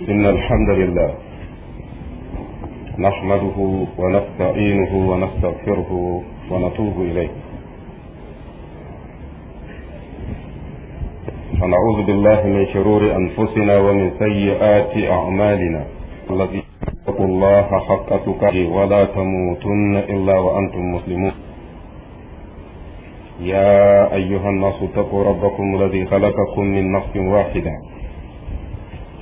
إن الحمد لله نحمده ونستعينه ونستغفره ونتوب إليه ونعوذ بالله من شرور أنفسنا ومن سيئات أعمالنا الذي اتقوا الله حق تقاته ولا تموتن إلا وأنتم مسلمون يا أيها الناس اتقوا ربكم الذي خلقكم من نفس واحدة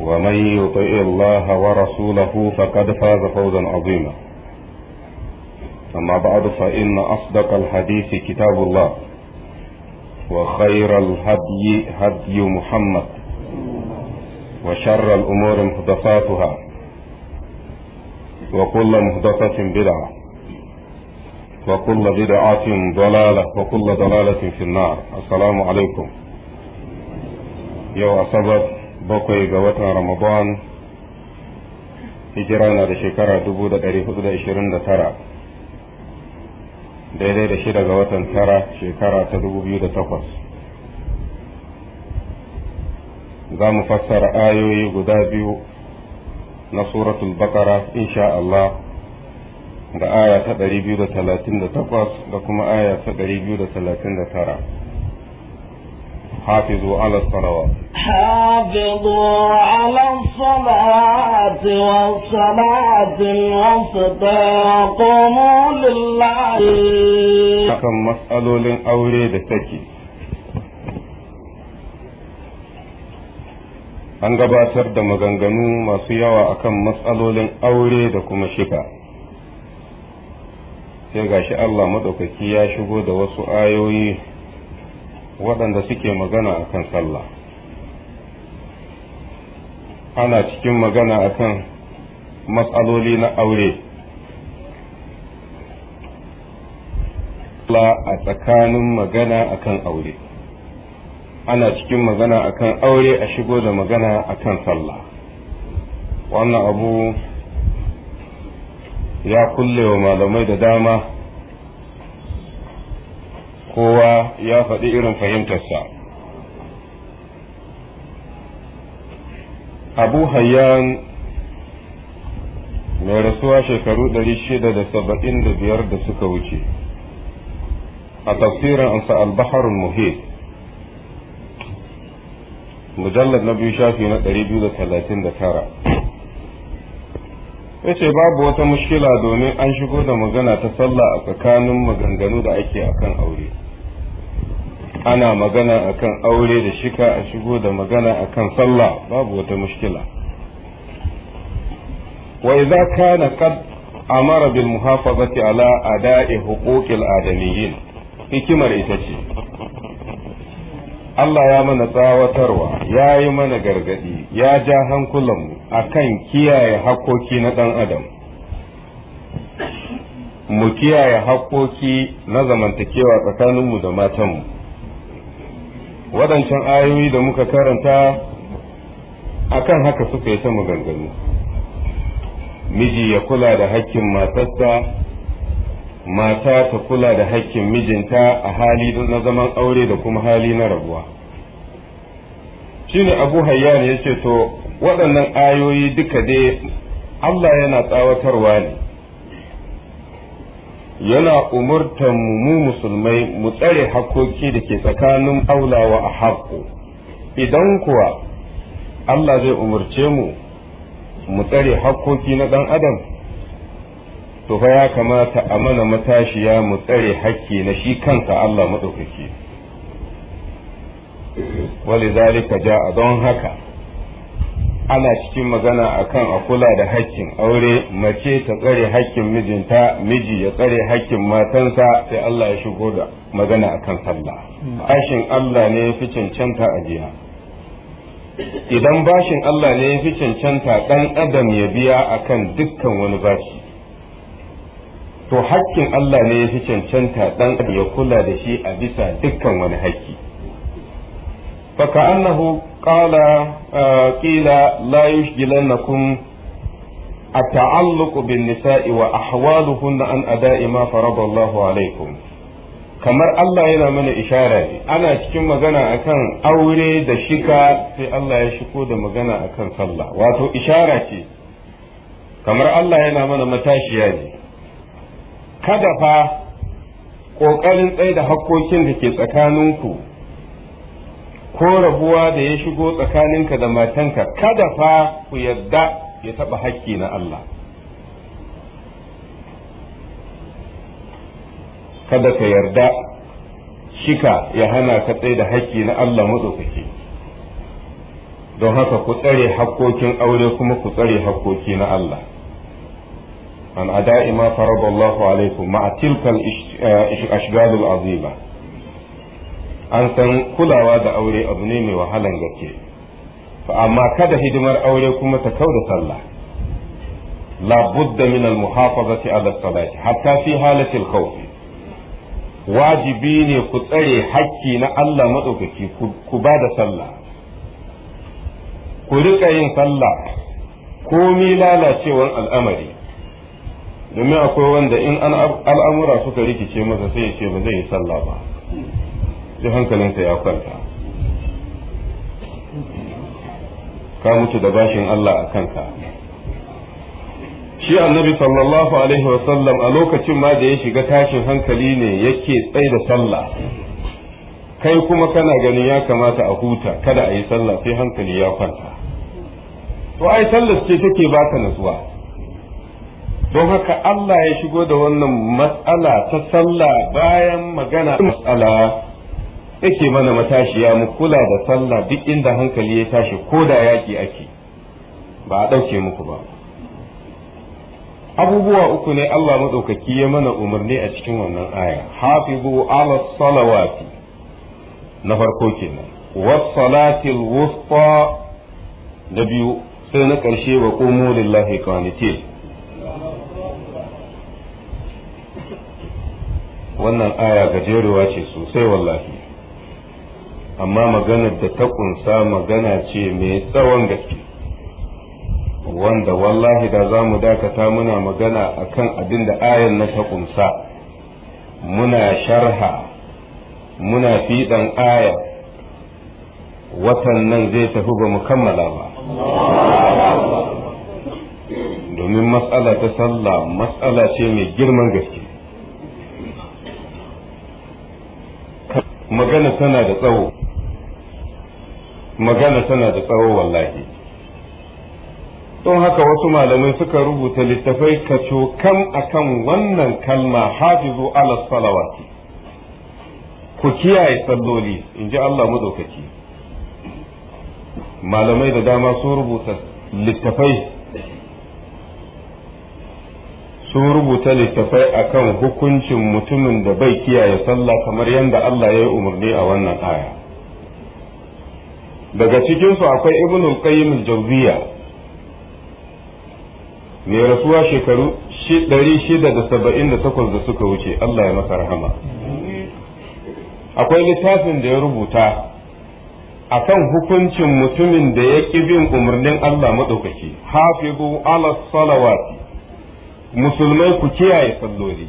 ومن يطع الله ورسوله فقد فاز فوزا عظيما أما بعد فإن أصدق الحديث كتاب الله وخير الهدي هدي محمد وشر الأمور محدثاتها وكل محدثة بدعة وكل بدعة ضلالة وكل ضلالة في النار السلام عليكم يا أصبر bakwai ga watan ramadan hijira na da shekara dubu da ɗari hudu da ishirin da tara daidai da shida ga watan tara shekara ta dubu biyu da takwas za mu fassara ayoyi guda biyu na suratul bakara insha Allah da aya ta ɗari biyu da talatin da takwas da kuma aya ta ɗari biyu da talatin da tara حافظوا على الصلوات حافظوا على الصلوات والصلاة الوسطى وقوموا لله أكم مسألوا لأولي تكي an gabatar da maganganu masu yawa akan matsalolin aure da kuma shiga sai gashi Allah maɗaukaki ya shigo da wasu ayoyi waɗanda suke magana akan sallah ana cikin magana kan matsaloli na aure a tsakanin magana akan aure ana cikin magana akan aure a shigo da magana akan sallah wannan abu ya kulle wa malamai da dama kowa ya faɗi irin fahimtarsa abu hayyan mai rasuwa shekaru 675 da suka wuce a tafsirin ansa albaharun muhit mujallar na biyu shafi na 239 ya ce babu wata mushkila domin an shigo da magana ta sallah a tsakanin maganganu da ake akan aure ana magana akan aure da shika a shigo da magana akan sallah babu wata mushkila wa idza kana qad amara bil muhafazati ala ada'i huquqil adamiyyin hikimar ita ce Allah ya mana tsawatarwa ya yi mana gargadi ya ja hankulanmu akan kiyaye hakoki na ɗan adam mu kiyaye hakoki na zamantakewa tsakaninmu da matanmu waɗancan ayoyi da muka karanta a kan haka suka yi ta maganganu miji ya kula da hakkin matarsa mata ta kula da hakkin mijinta a hali na zaman aure da kuma hali na rabuwa shine abu hayyan ya ce to waɗannan ayoyi duka dai Allah yana tsawatarwa ne yana umurtan mu mu musulmai mu tsare hakoki da ke tsakanin aula wa ahaqqu idan kuwa Allah zai umurce mu mu tsare hakoki na ɗan adam to fa ya kamata a mana matashiya mu tsare hakki na shi kansa Allah madaukaki ولذلك جاء don haka. ana cikin magana akan a kula da haƙƙin aure mace ta tsare haƙƙin mijinta miji ya tsare haƙƙin matansa sai Allah ya shigo da magana akan sallah bashin Allah ne ya fi cancanta a jiya. idan bashin Allah ne ya fi cancanta dan adam ya biya akan dukkan wani bashi to haƙƙin Allah ne ya fi cancanta dan ya kula da shi a bisa dukkan wani haƙƙi. فكأنه قال قيل لا يشغلنكم التعلق بالنساء وأحوالهن أن أداء ما فرض الله عليكم kamar Allah yana mana ishara ne ana cikin magana akan aure da shika sai Allah ya shigo da magana akan sallah wato ishara ce kamar Allah yana mana matashiya ne kada fa ƙoƙarin tsaye da hakkokin da ke tsakaninku ko rabuwa da ya shigo tsakaninka da matanka kada fa ku yadda ya taɓa hakki na Allah kada ka yarda shika ya hana ka tsaye da hakki na Allah matsaukaki don haka ku tsare hakkokin aure kuma ku tsare hakkoki na Allah an ada'i ma faradallahu alaikum ma'a tilkal eh, ashgalul azima an san kulawa da aure abu ne mai wahalan gaske amma kada hidimar aure kuma ta kau da sallah la budda min al muhafazati ala salati hatta fi halatil khawf wajibi ne ku tsare hakki na Allah madaukaki ku ba da sallah ku rika yin sallah komi lalacewar al'amari domin akwai wanda in al'amura suka rikice masa sai ya ce ba zai yi sallah ba sai hankalinsa ya kwanta ka mutu da bashin Allah a kanka shi annabi sallallahu alaihi sallam a lokacin ma da ya shiga tashin hankali ne yake tsaye da sallah kai kuma kana ganin ya kamata a huta kada a yi sallah sai hankali ya kwanta to ai sallar ce take baka natsuwa don haka Allah ya shigo da wannan matsala ta sallah bayan magana matsala yake mana matashiya mu kula da sallah duk inda hankali ya tashi ko da yaki ake ba a ɗauke muku ba abubuwa uku ne Allah maɗaukaki ya mana umarni a cikin wannan aya hafizu ala salawati na farko kenan was salatil wusta da biyu sai na ƙarshe wa qumu lillahi qanitin wannan aya gajeruwa ce sosai wallahi amma maganar da ta kunsa magana ce mai tsawon gaske wanda wallahi da za mu dakata muna magana a kan abin da ayan na ta kunsa muna sharha muna fiɗan aya watan nan zai tafi ba mu kammala ba domin matsala ta sallah matsala ce mai girman gaske magana tana da tsawo magana tana da tsawo wallahi don haka wasu malamai suka rubuta littafai kaco kam akan wannan kalma hafizu ala salawati ku kiyaye salloli in ji Allah madaukaki malamai da dama sun rubuta littafai sun rubuta littafai akan hukuncin mutumin da bai kiyaye sallah kamar yadda Allah ya yi umarni a wannan aya daga cikinsu akwai ibnul qayyim al-jawziya mai rasuwa shekaru 678 da suka wuce Allah ya masa rahama akwai littafin da ya rubuta akan hukuncin mutumin da ya ƙi bin umarnin Allah maɗaukaki hafizu ala salawati musulmai ku kiyaye salloli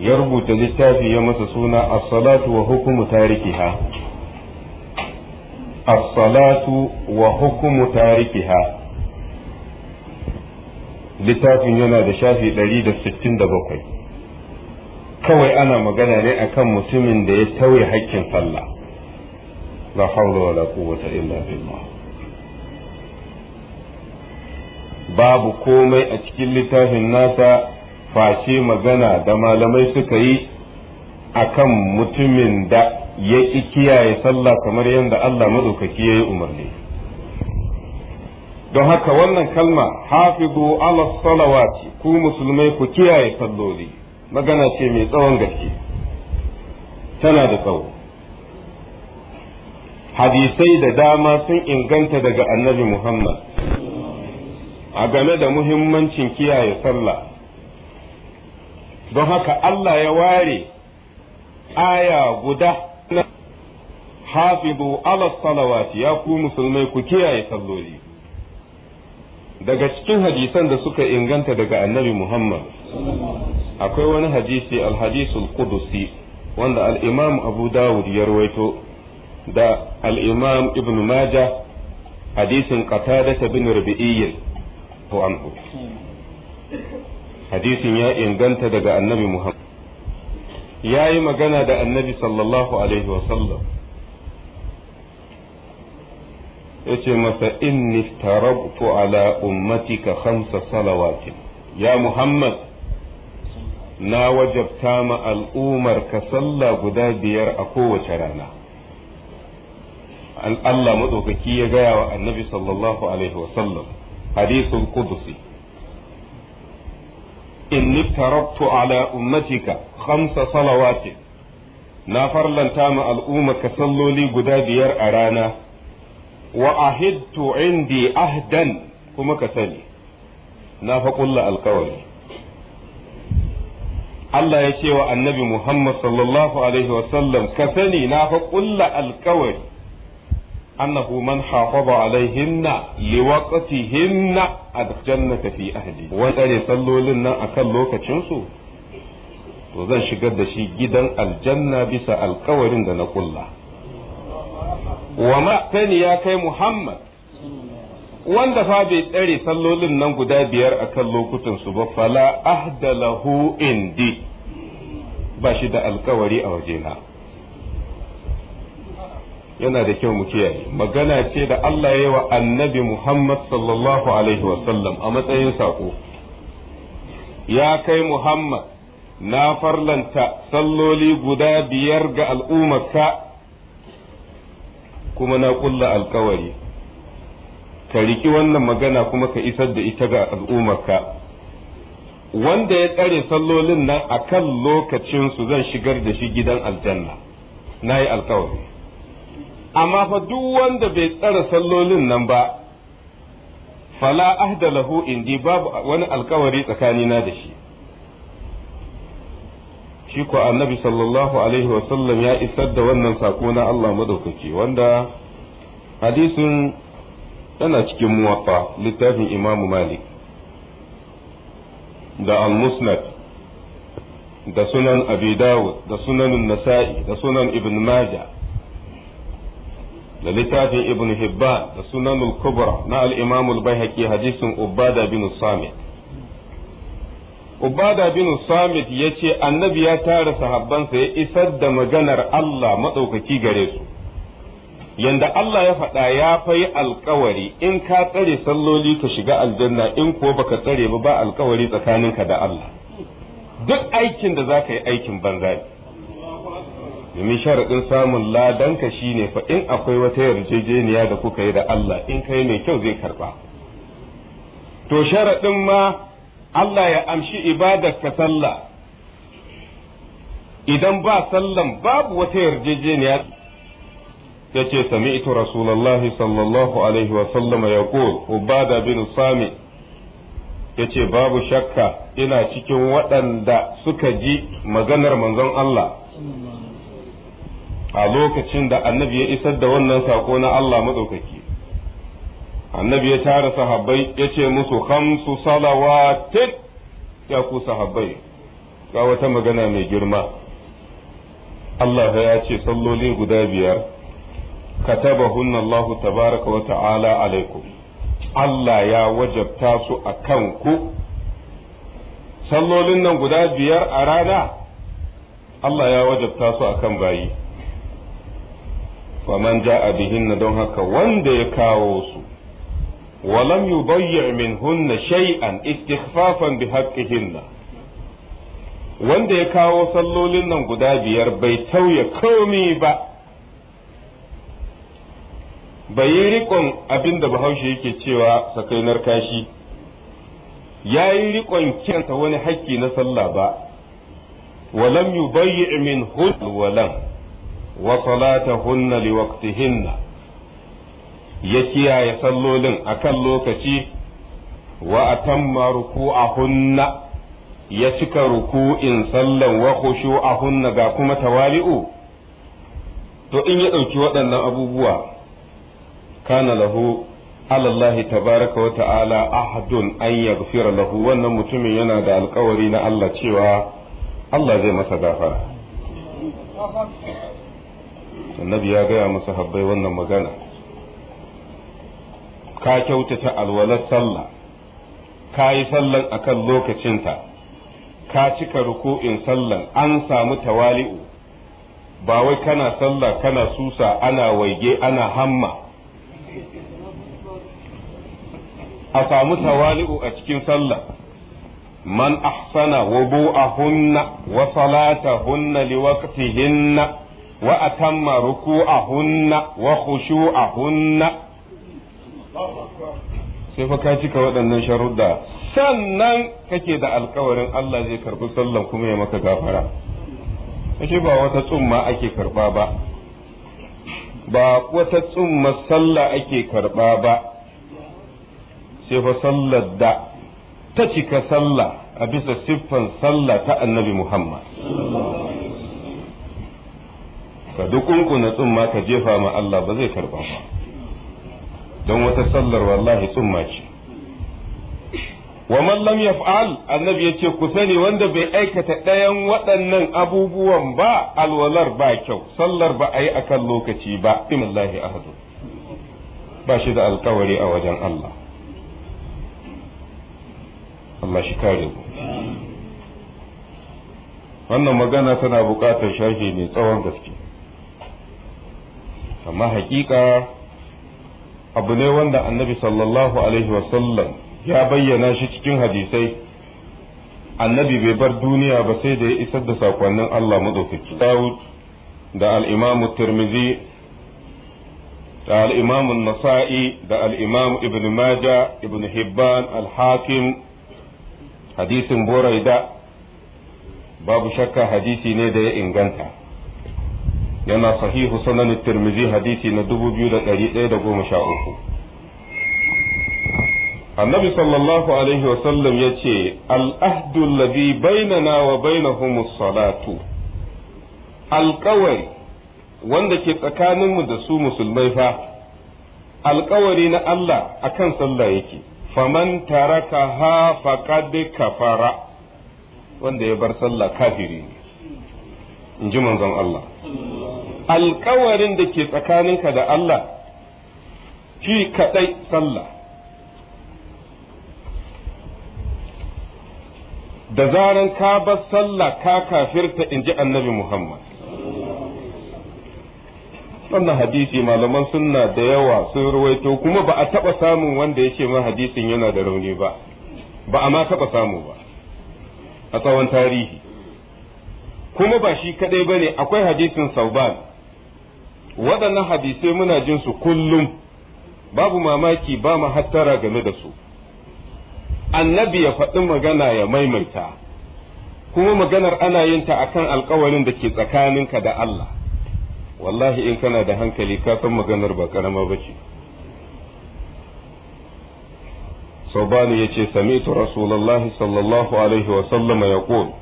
ya rubuta littafi ya masa suna as-salatu wa hukumu tarikiha as wa hukumu ha. littafin yana da shafi 167 kawai ana magana ne akan mutumin da ya tauye haƙƙin sallah la hawla wala quwwata illa billah babu komai a cikin littafin nasa face magana da malamai suka yi akan mutumin da ya ƙi kiyaye sallah kamar yadda Allah maɗaukaki ya yi umarni don haka wannan kalma hafizu ala salawati ku musulmai ku kiyaye salloli magana ce mai tsawon gaske tana da tsawo hadisai da dama sun inganta daga annabi muhammad a game da muhimmancin kiyaye sallah don haka Allah ya ware aya guda hafizu ala salawati ya ku musulmai ku kiyaye salloli daga cikin hadisan da suka inganta daga annabi Muhammad akwai wani hadisi alhadisul qudusi wanda al-imam Abu Dawud ya rawaito da al-imam Ibn Majah hadisin Qatada bin Rabi'i to anhu hadisin ya inganta daga annabi Muhammad yayi magana da annabi sallallahu alaihi wa sallam yace masa inni tarabtu ala ummatika khamsa salawatin ya muhammad na wajabta ma al'ummar ka sallah guda biyar a kowace rana Allah maɗaukaki ya gaya wa annabi sallallahu alaihi wasallam hadisul qudusi inni tarabtu ala ummatika khamsa salawatin na farlanta ma al'ummar ka salloli guda biyar a rana wa ahidtu indi ahdan kuma ka sani na fa Allah ya ce wa annabi Muhammad sallallahu alaihi wa sallam ka sani na fa kulla alkawari annahu man hafaza alaihinna liwaqtihinna adjannata fi ahli wa tsare sallolin nan a kan lokacinsu, to zan shigar da shi gidan aljanna bisa alkawarin da na ƙulla. wa ma'tani ya kai Muhammad wanda fa bai tsare sallolin nan guda biyar akan lokutan su ba fala ahdalahu indi ba shi da alkawari a wajena yana da kyau mu kiyaye magana ce da Allah ya yi wa annabi Muhammad sallallahu alaihi wasallam a matsayin sako ya kai Muhammad na farlanta salloli guda biyar ga al'ummarka kuma na kulla alkawari ka riki wannan magana kuma ka isar da ita ga al'ummarka wanda ya tsare sallolin nan a kan lokacinsu zan shigar da shi gidan aljanna na yi alkawari amma fa duk wanda bai tsare sallolin nan ba fala ahda lahu indi babu wani alkawari tsakanina da shi shi ko annabi sallallahu alaihi wasallam ya isar da wannan sako na Allah madaukaki wanda hadisin yana cikin muwaffa littafin imamu malik da al-musnad da sunan abi dawud da sunan nasa'i da sunan ibn majah da littafin ibn hibban da sunan al-kubra na al-imam al-baihaqi hadisin ubada bin samit Ubada bin Samit ya ce annabi ya tara sahabbansa ya isar da maganar Allah matsaukaki gare su. Yanda Allah ya faɗa ya fai alkawari in ka tsare salloli ka shiga aljanna in ko baka tsare ba ba alkawari tsakaninka da Allah. Duk aikin da za ka yi aikin banza ne. Domin sharaɗin samun ladanka shine fa in akwai wata yarjejeniya da kuka yi da Allah in kai mai kyau zai karɓa. To sharaɗin ma Allah ya amshi ibadarka sallah idan ba sallan babu wata yarjejeniya ya ce sami'tu Rasulallah sallallahu alaihi wa sallama ya ubada bin sami ya ce babu shakka ina cikin waɗanda suka ji maganar manzon Allah a lokacin da annabi ya isar da wannan saƙo na Allah maɗaukaki annabi ya tara sahabbai ya ce musu khamsu salawatin ya ku sahabbai ga wata magana mai girma Allah ya ce salloli guda biyar katabahun Allah tabaraka wa ta'ala alaikum Allah ya wajabta su a ku. sallolin nan guda biyar a rana Allah ya wajabta su a kan bayi faman ja'a bihinna don haka wanda ya kawo su ولم يضيع منهن شيئا استخفافا بحقهن wanda ya kawo sallolin nan guda biyar bai tauye komi ba bai yi rikon abin da bahaushe yake cewa sakainar kashi ya yi rikon kiranta wani haƙƙi na sallah ba walam yubayyi min hun walam wa salatahunna liwaqtihinna ya kiyaye sallolin kan lokaci wa a hunna ya cika ruku'in sallan wa hunna ga kuma tawali'u to in ya ɗauki waɗannan abubuwa kana lahu alallahi tabaraka wa ta'ala ahadun an yaghfira lahu wannan mutumin yana da alkawari na Allah cewa Allah zai masa gafara annabi ya gaya masa habbai wannan magana ka kyautata alwalar sallah ka yi sallan kan lokacinta ka cika ruku'in sallan an samu tawali'u ba wai kana sallah kana susa ana waige ana hamma a samu tawali'u a cikin sallah man ahsana hunna, wa liwakti hinna wa atamma hunna wa hunna. sai fa ka cika waɗannan sharudda sannan kake da alkawarin Allah zai karɓi sallan kuma ya maka gafara ashe ba wata tsumma ake karɓa ba ba wata tsumma sallah ake karba ba sai fa sallar da ta cika sallah a bisa siffan sallah ta annabi Muhammad ka duk na tsumma ka jefa ma Allah ba zai karba ba don wata sallar wallahi tsumma ce wa man lam yaf'al annabi ce ku sani wanda bai aikata ɗayan waɗannan abubuwan ba alwalar ba kyau sallar ba a yi akan lokaci ba imallahi ahadu ba shi da alkawari a wajen Allah Allah shi kare mu wannan magana tana buƙatar sharhi mai tsawon gaske amma haƙiƙa. abu ne wanda annabi sallallahu alaihi wasallam ya bayyana shi cikin hadisai annabi bai bar duniya ba sai da ya isar da sakonnin Allah maɗaukaki da al'imamu Tirmizi da al'imamu Nasa'i da al'imamu Ibn Maja Ibn Hibban al-Hakim hadisin Buraida babu shakka hadisi ne da ya inganta yana sahihu sunan tirmizi hadisi na uku annabi sallallahu alaihi wasallam ya ce al'ahdu alladhi bainana wa bainahum salatu alƙawari wanda ke tsakaninmu da su musulmai fa alƙawari na Allah akan sallah yake faman taraka ha faqad kafara wanda ya bar sallah kafiri ne in ji manzon Allah alkawarin da ke tsakaninka da Allah fi kaɗai sallah da zaran ka bar sallah ka kafirta in ji annabi Muhammad wannan hadisi malaman sunna da yawa sun ruwaito kuma ba a taɓa samun wanda ya ce ma hadisin yana da rauni ba ba a ma taɓa samu ba a tsawon tarihi kuma ba shi kadai ne akwai hadisin sauban waɗannan hadisai muna jin su kullum babu mamaki ba mu hattara game da su annabi ya faɗi magana ya maimaita kuma maganar ana yin ta akan alkawarin da ke tsakaninka da Allah wallahi in kana da hankali ka san maganar ba karama bace sobani ya ce samitu rasulallahi sallallahu alaihi wasallama ya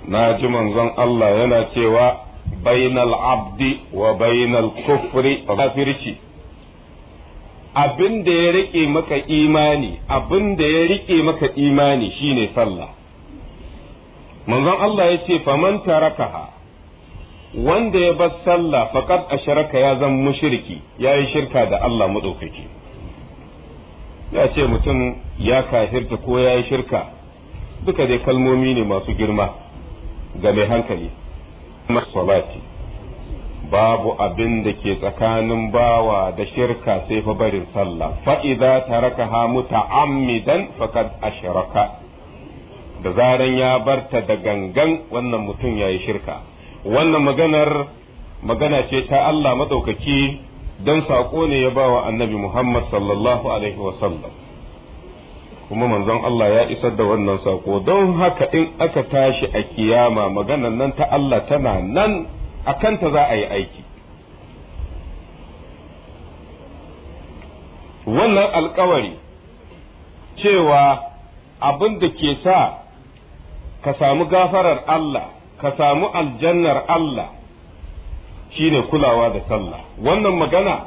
na ji manzon Allah yana cewa bainal abdi wa bainal kufri kafirci abin ya rike maka imani abin da ya rike maka imani shine sallah manzon Allah ya ce faman tarakaha wanda ya bar sallah faqad asharaka ya zan mushriki yayi shirka da Allah madaukaki ya ce mutum ya kafirta ko ya yi shirka duka dai kalmomi ne masu girma ga mai hankali salati babu abin da ke tsakanin bawa da shirka sai fa barin sallah fa'iza taraka ha muta'ammidan faqad asharaka da zaran ya barta da gangan wannan mutum ya yi shirka wannan maganar magana ce ta Allah madaukaki don saƙo ne ya bawa annabi Muhammad sallallahu alaihi wasallam kuma manzon Allah ya isar da wannan sako. don haka in aka tashi a kiyama maganan nan ta Allah tana nan a kanta za a yi aiki wannan alkawari cewa abin da ke sa ka samu gafarar Allah ka samu aljannar Allah shine kulawa da sallah wannan magana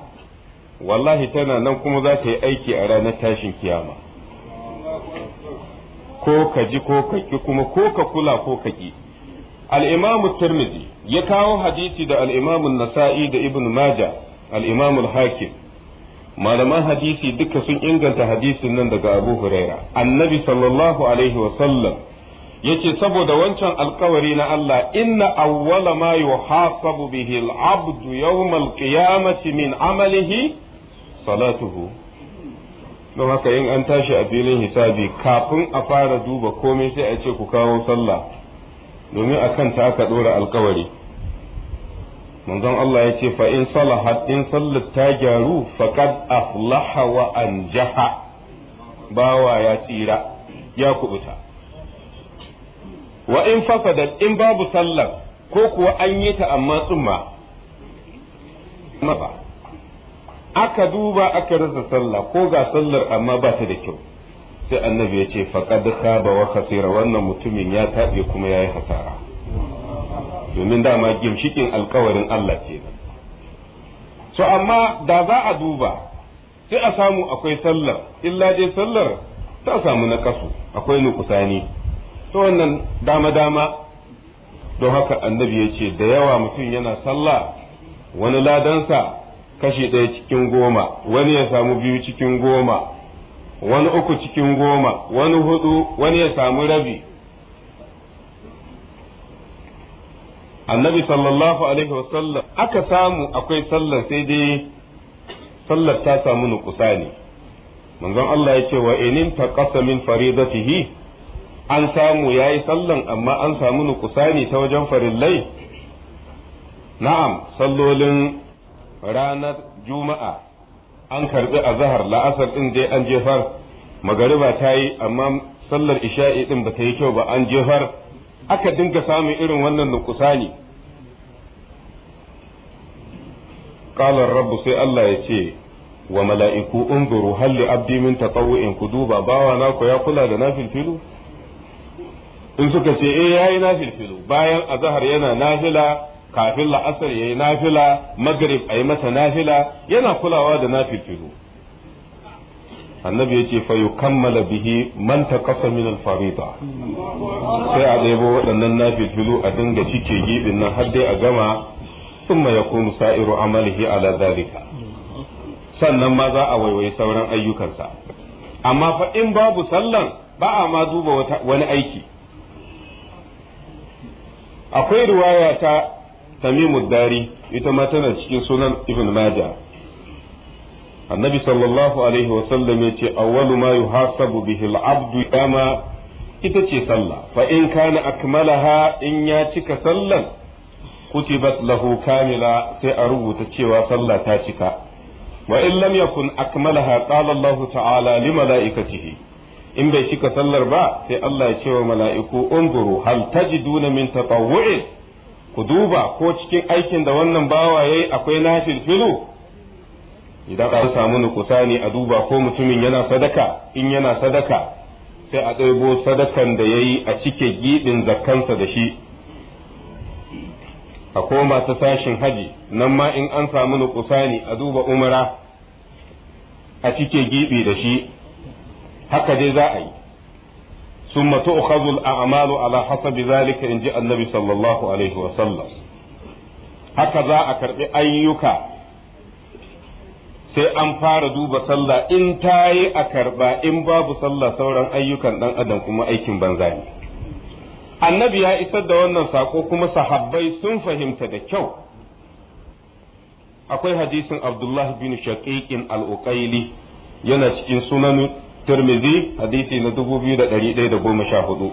wallahi tana nan kuma za ta yi aiki a ranar tashin kiyama ko ka ji ko ka ki kuma ko ka kula ko ka ki al-imam tirmidhi ya kawo hadisi da al-imam nasai da ibn Maja, al-imam al-hakim malaman hadisi duka sun inganta hadisin nan daga abu huraira annabi sallallahu alaihi wa sallam yace saboda wancan alkawari na Allah inna awwala ma yuhasabu bihi al-abdu yawm al-qiyamati min amalihi salatuhu don haka in an tashi a filin hisabi kafin a fara duba komai sai a ce ku kawo sallah domin a ta aka dora alkawari manzon Allah ya ce fa in salahat in sallar ta gyaru faqad aflaha wa anjaha bawa ya tsira ya kubuta wa in fasadat in babu sallar ko kuwa an yi ta amma tsumma maba aka duba aka rasa sallah ko ga sallar amma ba ta da kyau sai annabi ya ce faqad khaba wa khasira wannan mutumin ya tabe kuma ya yi hasara domin dama gimshikin alkawarin Allah ce so amma da za a duba sai a samu akwai sallar illa dai sallar ta samu na kasu akwai nukusani to wannan dama dama don haka annabi ya ce da yawa mutum yana sallah wani ladansa kashi ɗaya cikin goma wani ya samu biyu cikin goma wani uku cikin goma wani hudu wani ya samu rabi annabi sallallahu alaihi wasallam aka samu akwai sallar sai dai sallar ta samu nukusa ne manzon Allah ya ce wa inin taqasa min faridatihi an samu ya yi sallan amma an samu nukusani ta wajen farin lai? na'am sallolin ranar juma'a an karɓi a zahar la'asar ɗin dai an jefar magariba ta yi amma sallar isha'i ɗin ba ta yi kyau ba an jefar aka dinga samun irin wannan nukusani Ƙalar rabbu sai Allah ya ce wa mala'iku unzuru hal li abdi min tatawwu'in ku duba bawa na ku ya kula da nafil filu in suka ce eh yayi filo bayan azhar yana nafila kafin la'asar yayi nafila maghrib ayi masa nafila yana kulawa da nafil filo. annabi yace fa yukammala bihi man taqasa min al-farida sai a wadannan waɗannan filo a dinga cike gibin nan har dai a gama thumma yakunu sa'iru amalihi ala dhalika sannan ma za a waiwayi sauran ayyukansa amma fa in babu sallan ba a ma duba wani aiki akwai riwaya ta tamimud dari ita ma tana cikin sunan ibn maja annabi sallallahu alaihi wasallam yace awwalu ma yuhasabu bihi al-abdu yama ita ce sallah fa in kana akmalaha in ya cika sallan kutibat lahu kamila sai a rubuta cewa sallah ta cika wa in lam yakun akmalaha qala Allah ta'ala li malaikatihi in bai cika sallar ba sai Allah ya ce wa mala'iku unzuru hal tajiduna min tatawu'i ku duba ko cikin aikin da wannan bawa yayi akwai nafil filu idan an samu ne a duba ko mutumin yana sadaka in yana sadaka sai a ɗebo sadakan da ya yi a cike giɗin zakkansa da shi a koma ta sashin haji nan ma in an samu ne a duba umara a cike gibi da shi haka dai za a yi ثم تؤخذ الأعمال على zalika ذلك annabi sallallahu alaihi wa sallam haka za a karbi ayyuka sai an fara duba sallah in ta yi a karba in babu sallah sauran ayyukan dan adam kuma aikin banza ne annabi ya isar da wannan sako kuma sahabbai sun fahimta da kyau akwai hadisin abdullahi bin shaqiqin al-uqaili yana cikin sunan tirmidhi hadisi na 2114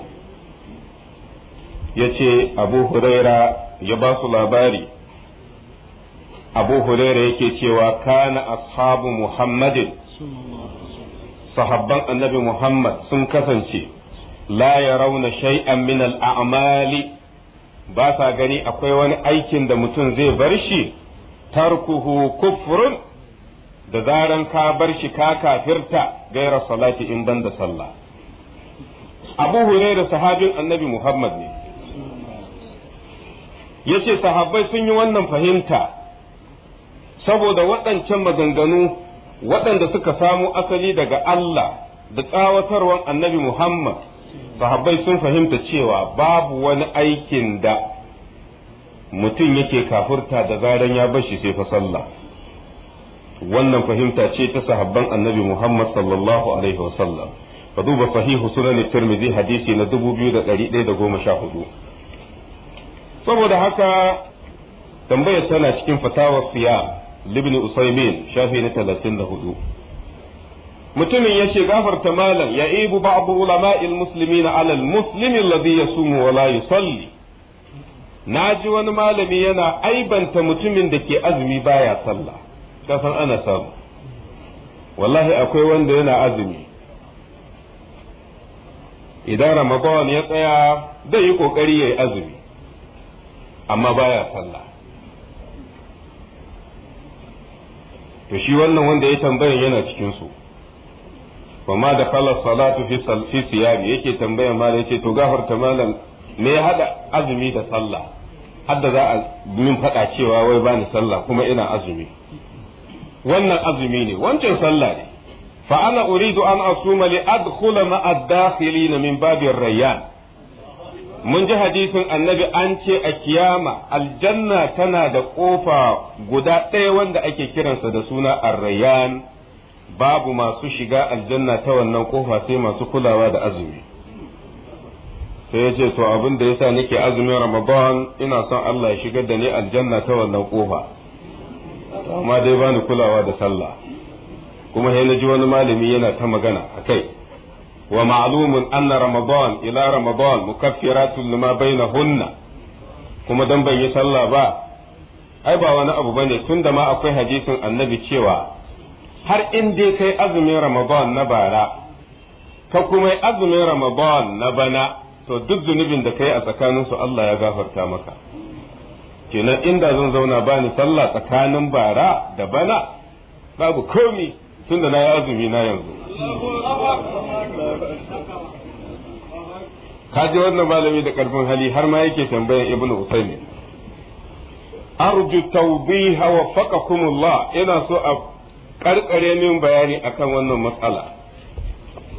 yace abu huraira ya ba su labari abu huraira yake cewa kana ashabu muhammadin sahabban annabi muhammad sun kasance la rauna shay'an min al'amali ba sa gani akwai wani aikin da mutum zai bar shi tarkuhu kufrun da zaran ka bar shi ka kafirta gaira salati in dan da sallah abu da sahabin annabi muhammad ne ya ce sahabbai sun yi wannan fahimta saboda waɗancan maganganu waɗanda suka samu asali daga allah da tsawatarwan annabi muhammad sahabbai sun fahimta cewa babu wani aikin da mutum yake kafurta da zaran ya bar shi sai fa sallah wannan fahimta ce ta sahabban annabi Muhammad sallallahu alaihi wasallam ka duba sahihu sunan tirmidhi hadisi na 2114 saboda haka tambayar tana cikin fatawar siya libni usaimin shafi na 34 mutumin ya ce gafarta malam ya ibu ba'd ulama'il muslimina ala al-muslimi alladhi yasumu wa la yusalli naji wani malami yana aibanta mutumin da ke azumi baya sallah kasan ana samu wallahi akwai wanda yana azumi idan ramadan ya tsaya zai yi kokari ya yi azumi amma baya sallah to shi wannan wanda ya tambayan yana cikinsu kuma da falar salatu fi siyami yake tambayan malam yake to gafarta malam me ya haɗa azumi da sallah hadda za a min faɗa cewa wai bani sallah kuma ina azumi wannan azumi ne wancan sallah ne fa ana uridu an asuma li adkhula ma ad-dakhilin min babir rayyan mun ji hadisin annabi an ce a kiyama aljanna tana da kofa guda ɗaya wanda ake kiransa da suna ar-rayyan babu masu shiga aljanna ta wannan kofa sai masu kulawa da azumi sai yace to abin da yasa nake azumin ramadan ina son Allah ya shigar da ni aljanna ta wannan kofa amma dai bani kulawa da sallah kuma sai naji wani malami yana ta magana akai wa ma'lumun anna ramadan ila ramadan mukaffiratun lima bainahunna kuma dan bai yi sallah ba ai ba wani abu bane tunda ma akwai hadisin annabi cewa har in dai kai azumin ramadan na bara ka kuma azumin ramadan na bana to duk zunubin da kai a tsakaninsu Allah ya gafarta maka kenan inda zan zauna ba ni sallah tsakanin bara da bana babu komi tun da na yi azumi na yanzu kaji wannan malami da karfin hali har ma yake tambayan ibnu usaini arju tawdiha wa faqakumullah ina so a karkare min bayani akan wannan matsala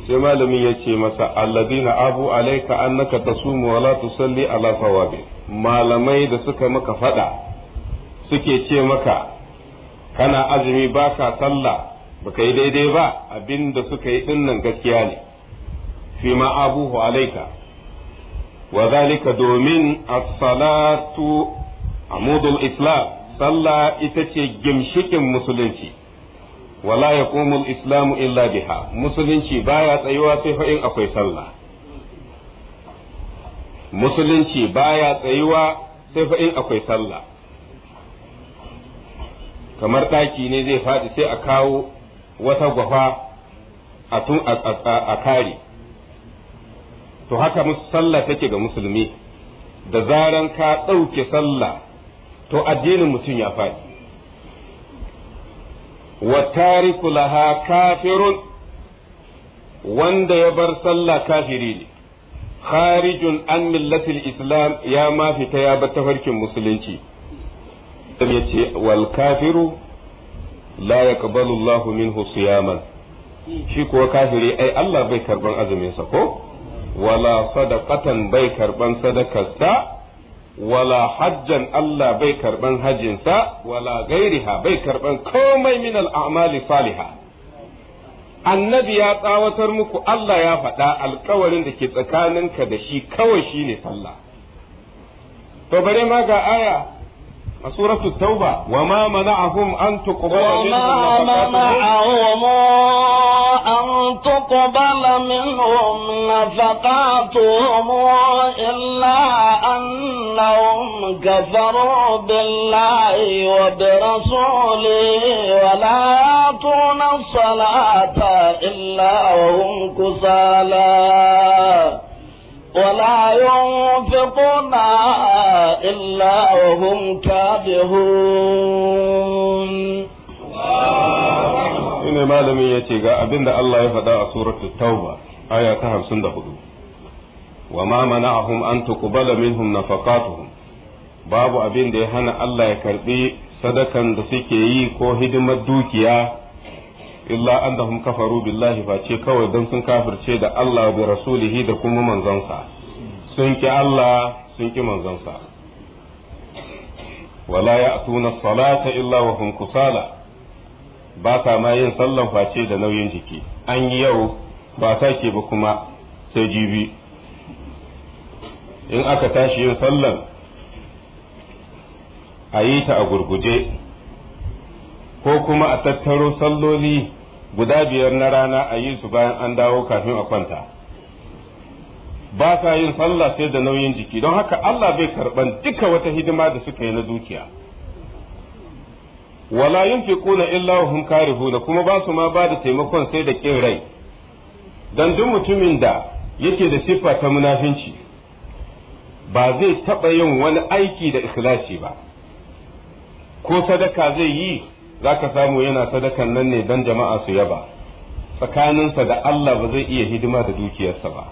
sai malamin ya ce masa alladina abu alaika annaka tasumu wa la tusalli ala sawabi malamai da suka maka fada suke ce maka kana azumi ba ka sallah ka yi daidai ba abinda suka yi dinnan gaskiya ne fi ma abuhu alaika wa zalika domin as-salatu amudul islam sallah ita ce gimshikin musulunci wala yaqumul islamu illa biha musulunci baya tsayuwa sai fa in akwai sallah musulunci baya tsayuwa sai fa in akwai sallah kamar ɗaki ne zai faɗi sai a kawo wata gwafa a tun a kare to haka sallah take ga musulmi da zaran ka ɗauke sallah to addinin mutum ya faɗi wa tariku laha kafirun wanda ya bar sallah kafiri ne kharijun an millatil islam ya ma fita ya bar tafarkin musulunci ya ce wal kafiru la yaqbalu Allahu minhu siyaman shi kuwa kafiri ai Allah bai karban azumin sa ko wala sadaqatan bai karban sadakarsa wala hajjan Allah bai karban hajjinsa wala gairiha bai karban komai min a'mali saliha annabi ya tsawatar muku Allah ya faɗa alkawarin da ke tsakaninka da shi kawai shi ne sallah to bare ma ga aya a suratul tauba wa ma mana ahum an tuqbala minhum تقبل منهم نفقاتهم إلا أنهم كفروا بالله وبرسوله ولا يأتون الصلاة إلا وهم كسالى ولا ينفقون إلا وهم كابهون shine malamin ce ga abin da Allah ya faɗa a suratul tauba aya ta hudu wa ma mana'ahum an tuqbala minhum nafaqatuhum babu abin da ya hana Allah ya karbi sadakan da suke yi ko hidimar dukiya illa annahum kafaru billahi face kawai don sun kafirce da Allah bi rasulihi da kuma manzonsa sun ki Allah sun ki manzonsa wala ya'tuna salata illa wa hum kusala ba sa ma yin sallan face da nauyin jiki an yi yau ba sake ba kuma sai jibi in aka tashi yin sallan a yi ta a gurguje ko kuma a tattaro salloli guda biyar na rana a yi su bayan an dawo kafin a kwanta ba sa yin sallah sai da nauyin jiki don haka Allah bai karɓan duka wata hidima da suka yi na dukiya. wala yunfiquna illa hum karihuna kuma ba su ma ba da taimakon sai da kin rai dan duk mutumin da yake da siffa ta munafinci ba zai taɓa yin wani aiki da ikhlasi ba ko sadaka zai yi zaka samu yana sadakan nan ne dan jama'a su yaba tsakaninsa da Allah ba zai iya hidima da dukiyarsa ba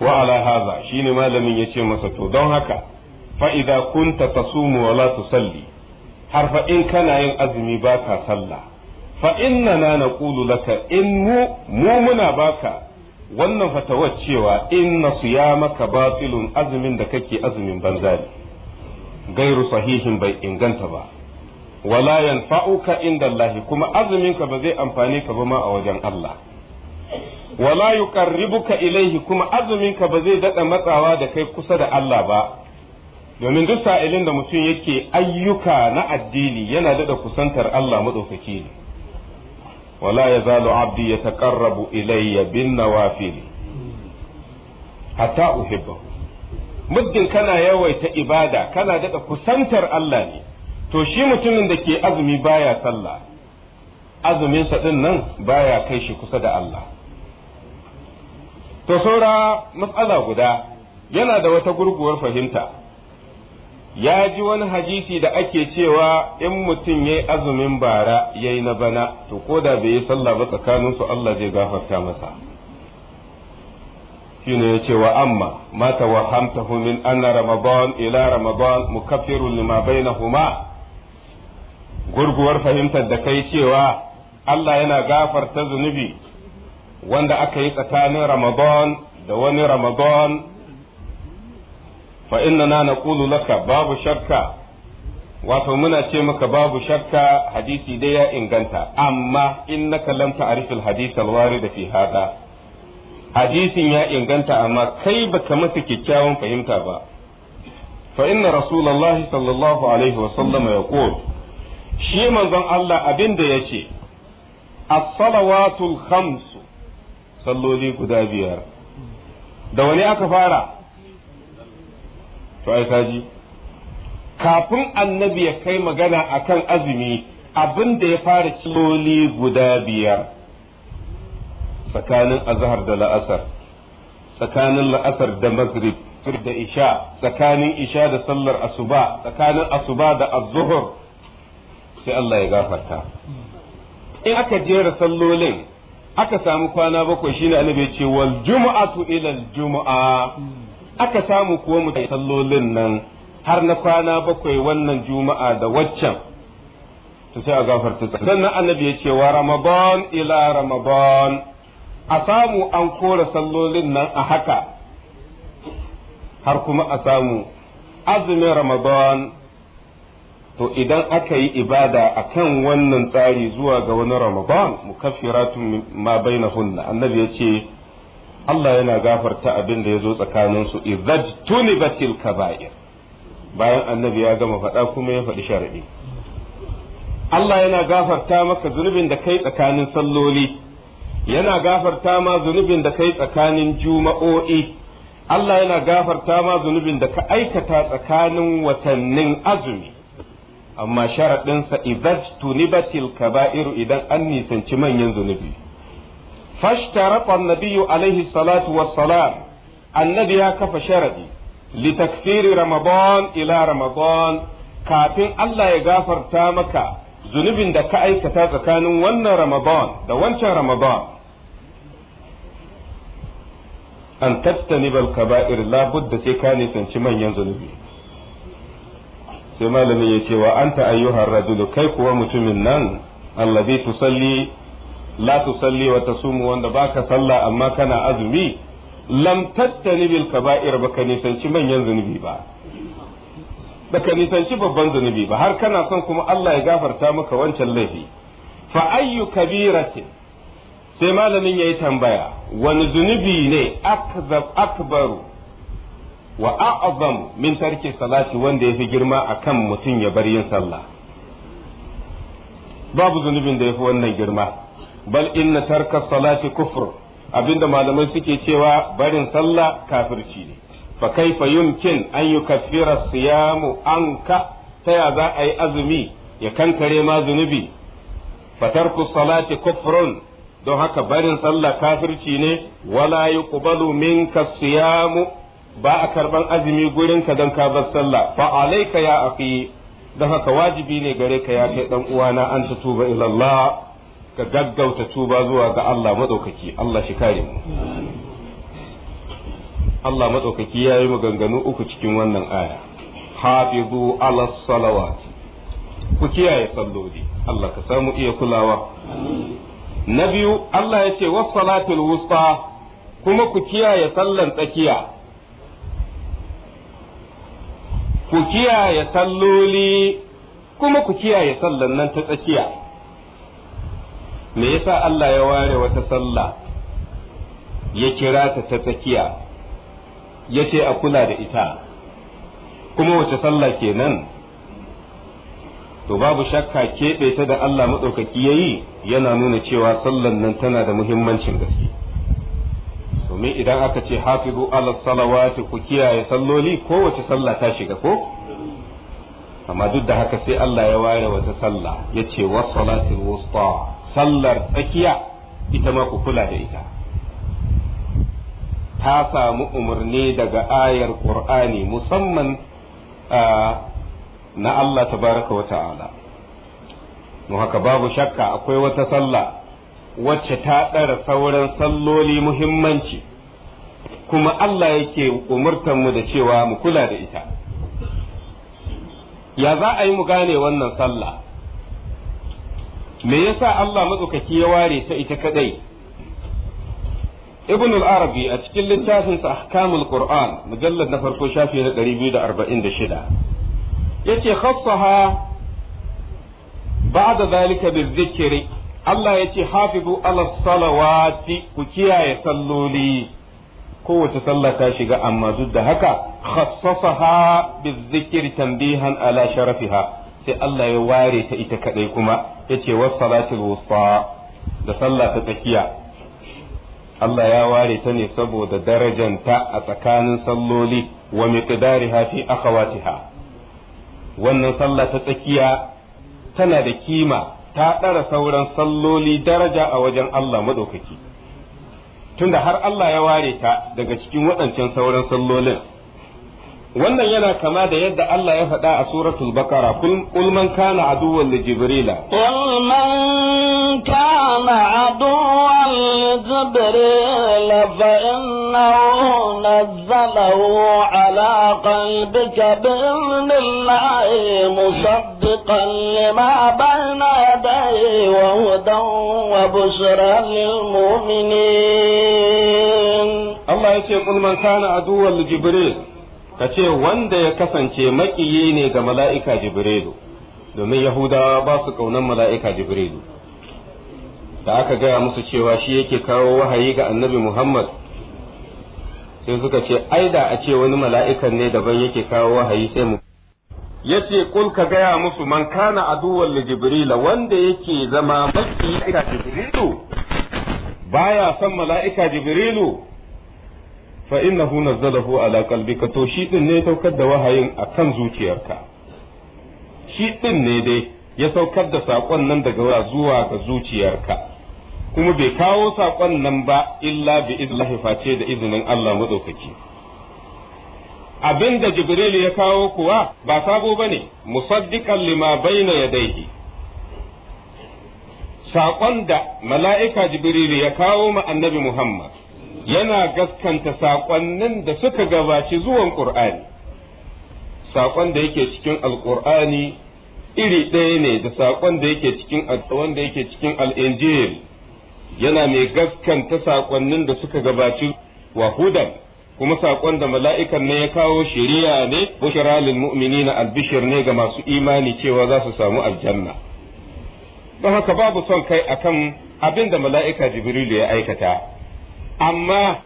wa ala haza shine malamin yace masa to don haka fa kun kunta tasumu wa la tusalli har fa in kana yin azumi ba ka sallah fa na na naqulu laka in mu muna baka wannan fatawar cewa inna siyamaka batilun azumin da kake azumin banza gairu sahihin bai inganta ba wala yanfa'uka inda Allah kuma azuminka ka ba zai amfane ka ba ma a wajen Allah wala yuqarribuka ilaihi kuma azuminka ba zai dada matsawa da kai kusa da Allah ba domin duk sa'ilin da mutum yake ayyuka na addini yana daɗa kusantar Allah maɗaukaki ne wala ya zalo abdi ya taƙarrabu ilayya bin nawafili hatta uhibba muddin kana yawaita ibada kana daɗa kusantar Allah ne to shi mutumin da ke azumi baya sallah azuminsa ɗin nan baya kai shi kusa da Allah to saura matsala guda yana da wata gurguwar fahimta ya ji wani hadisi da ake cewa in mutum ya yi azumin bara ya yi na bana to ko da bai yi sallah ba tsakaninsu Allah zai gafarta masa shine ya ce wa amma wa tawahhamtahu min anna ramadan ila ramadan mukaffirun lima bainahuma gurguwar fahimtar da kai cewa Allah yana gafarta zunubi wanda aka yi tsakanin ramadan da wani ramadan fa innana na laka babu shakka wato muna ce maka babu shakka hadisi dai ya inganta amma innaka lam ta'rifil hadith al-warid fi hada hadisin ya inganta amma kai baka masa kyakkyawan fahimta ba fa inna rasulullahi sallallahu alaihi wa sallam yaqul shi manzon Allah abinda yace as-salawatul khams salloli guda biyar da wani aka fara to ai kafin annabi ya kai magana akan azumi abin da ya fara ciloli guda biyar tsakanin azhar da la'asar tsakanin la'asar da maghrib da isha tsakanin isha da sallar asuba tsakanin asuba da az sai Allah ya gafarta in aka jera sallolin aka samu kwana bakwai shine annabi ya ce wal jumu'atu ila al-jumu'a aka samu kuwa mu sallolin nan har na kwana bakwai wannan juma'a da waccan to sai a gafarta sannan annabi ya ce wa ramadan ila ramadan a samu an kora sallolin nan a haka har kuma a samu azumin ramadan to idan aka yi ibada a kan wannan tsari zuwa ga wani ramadan mukaffiratun ma bainahunna annabi ya ce Allah yana gafarta abin da ya zo tsakaninsu tuni tunibatil kaba'ir bayan annabi ya gama faɗa kuma ya faɗi sharaɗi Allah yana gafarta maka zunubin da kai tsakanin salloli yana gafarta ma zunubin da kai tsakanin juma'o'i Allah yana gafarta ma zunubin da ka aikata tsakanin watannin azumi amma sharaɗinsa tuni tunibatil kaba'ir idan an nisanci manyan zunubi fashtarata an-nabiyyu alaihi salatu wassalam annabi ya kafa sharadi litakfiri ramadan ila ramadan kafin Allah ya gafarta maka zunubin da ka aikata tsakanin wannan ramadan da wancan ramadan an tattani bal kaba'ir labudda sai ka nisanci manyan zunubi sai malamin ya cewa an anta ayyuhar rajulu kai kuwa mutumin nan allazi tusalli la tusalli wa tasumu wanda baka sallah amma kana azumi lam tattani bil kaba'ir baka nisanci manyan zunubi ba baka nisanci babban zunubi ba har kana son kuma Allah ya gafarta maka wancan laifi fa ayyu kabiratin sai malamin yayi tambaya wani zunubi ne akbaru wa a'zam min tarki salati wanda yafi girma akan mutum ya bar yin sallah babu zunubin da yafi wannan girma bal inna tarka salati kufr abinda malamai suke cewa barin sallah kafirci ne fa kaifa yumkin an yukaffira siyamu anka ta ya za a yi azumi ya kankare ma zunubi fa tarku salati kufrun don haka barin sallah kafirci ne wala yuqbalu minka siyamu ba a karban azumi gurin ka don ka bar sallah fa alayka ya aqi don haka wajibi ne gare ka ya kai dan uwana an tuba ila Allah ka gaggauta tuba zuwa ga Allah maɗaukaki Allah shi kare mu Allah maɗaukaki ya yi maganganu uku cikin wannan aya hafizu ala salawat ku kiyaye salloli Allah ka samu iya kulawa na biyu Allah ya ce was salatul wusta kuma ku kiyaye sallan tsakiya ku kiyaye salloli kuma ku kiyaye sallan nan ta tsakiya me yasa Allah ya ware wata sallah ya kira ta ta tsakiya ya ce a kula da ita kuma wace sallah kenan to babu shakka keɓe ta da Allah maɗaukaki ya yi yana nuna cewa sallan nan tana da muhimmancin gaske domin idan aka ce hafizu ala salawati ku kiyaye salloli kowace sallah ta shiga ko amma duk da haka sai Allah ya ware wata sallah ya ce wasu wusta sallar tsakiya ita ma ku kula da ita ta samu umarni daga ayar qur'ani musamman na Allah tabaraka wa ta'ala mu haka babu shakka akwai wata sallah wacce ta ɗara sauran salloli muhimmanci kuma Allah yake umurtanmu da cewa mu kula da ita ya za a yi mu gane wannan sallah me yasa Allah matsaukaki ya ware ta ita kadai ibn arabi a cikin littafin sa ahkamul qur'an mujallad na farko shafi na 246 yace khassaha ba'da zalika bizikri Allah yace hafizu ala salawati ku kiyaye salloli kowace sallah ta shiga amma duk da haka khassasaha bizikri tanbihan ala sharafiha sai Allah ya ware ta ita kadai kuma yace was salatul wusta da sallah ta tsakiya Allah ya ware ta ne saboda darajanta a tsakanin salloli wa miqdariha fi akhawatiha wannan sallah ta tsakiya tana da kima ta ɗara sauran salloli daraja a wajen Allah madaukaki tunda har Allah ya ware ta daga cikin waɗancan sauran sallolin wannan yana kama da yadda Allah ya faɗa a suratul bakara kul man kana aduwwan li jibrila kul man kana aduwwan li jibrila fa innahu nazzalahu ala qalbika bi idhnillahi musaddiqan lima bayna yadayhi wa hudan wa bushra lil mu'minin Allah yace kul man kana aduwwan li jibrila ka ce wanda ya kasance maƙiyi ne ga mala'ika jibrilu domin yahudawa ba su ƙaunar mala'ika jibrilu da aka gaya musu cewa shi yake kawo wahayi ga annabi muhammad sai suka ce ai da a ce wani mala'ikan ne daban yake kawo wahayi sai mu yace kul ka gaya musu man kana aduwwan li jibrila wanda yake zama maƙiyi jibrilu baya son mala'ika jibrilu fa innahu nazzalahu ala qalbika to shi din ne saukar da wahayin akan zuciyarka shi din ne dai ya saukar da sakon nan daga zuwa ga zuciyarka kuma bai kawo sakon nan ba illa bi idlahi face da izinin Allah madaukaki abin da jibril ya kawo kuwa ba sabo bane musaddiqan lima bayna yadayhi saƙon da mala'ika jibril ya kawo ma annabi Muhammad yana gaskanta saƙonnin da suka gabaci zuwan ƙur'ani saƙon da yake cikin alƙur'ani iri ɗaya ne da saƙon da yake cikin wanda yake cikin al'injil yana mai gaskanta saƙonnin da suka gabaci wa wahudan kuma saƙon da mala'ikan ne ya kawo shari'a ne bushra lil mu'minina albishir ne ga masu imani cewa za su samu aljanna don haka babu son kai akan abin da mala'ika jibrilu ya aikata amma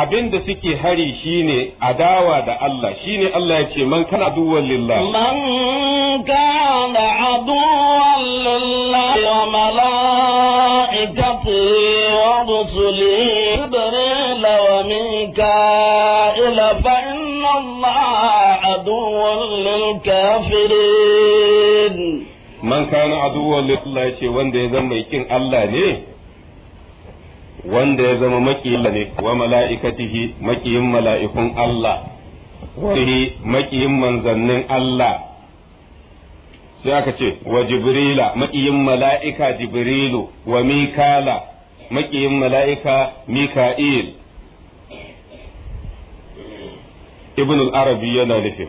abin da suke hari shine adawa da Allah shine Allah ya ce man kana aduwwan lillah man kana aduwwan lillah wa malaikatu wa rusuli dare wa ila fa inna Allah aduwwan lil kafirin man kana aduwwan lillah ce wanda ya zama mai kin Allah ne wanda ya zama makiyin ne wa mala'ikatihi makiyin mala'ikun Allah wani makiyin manzannin Allah sai aka ce wa jibrila makiyin mala'ika jibrilu wa mikala makiyin mala'ika mika'il ibn al-arabi yana nufin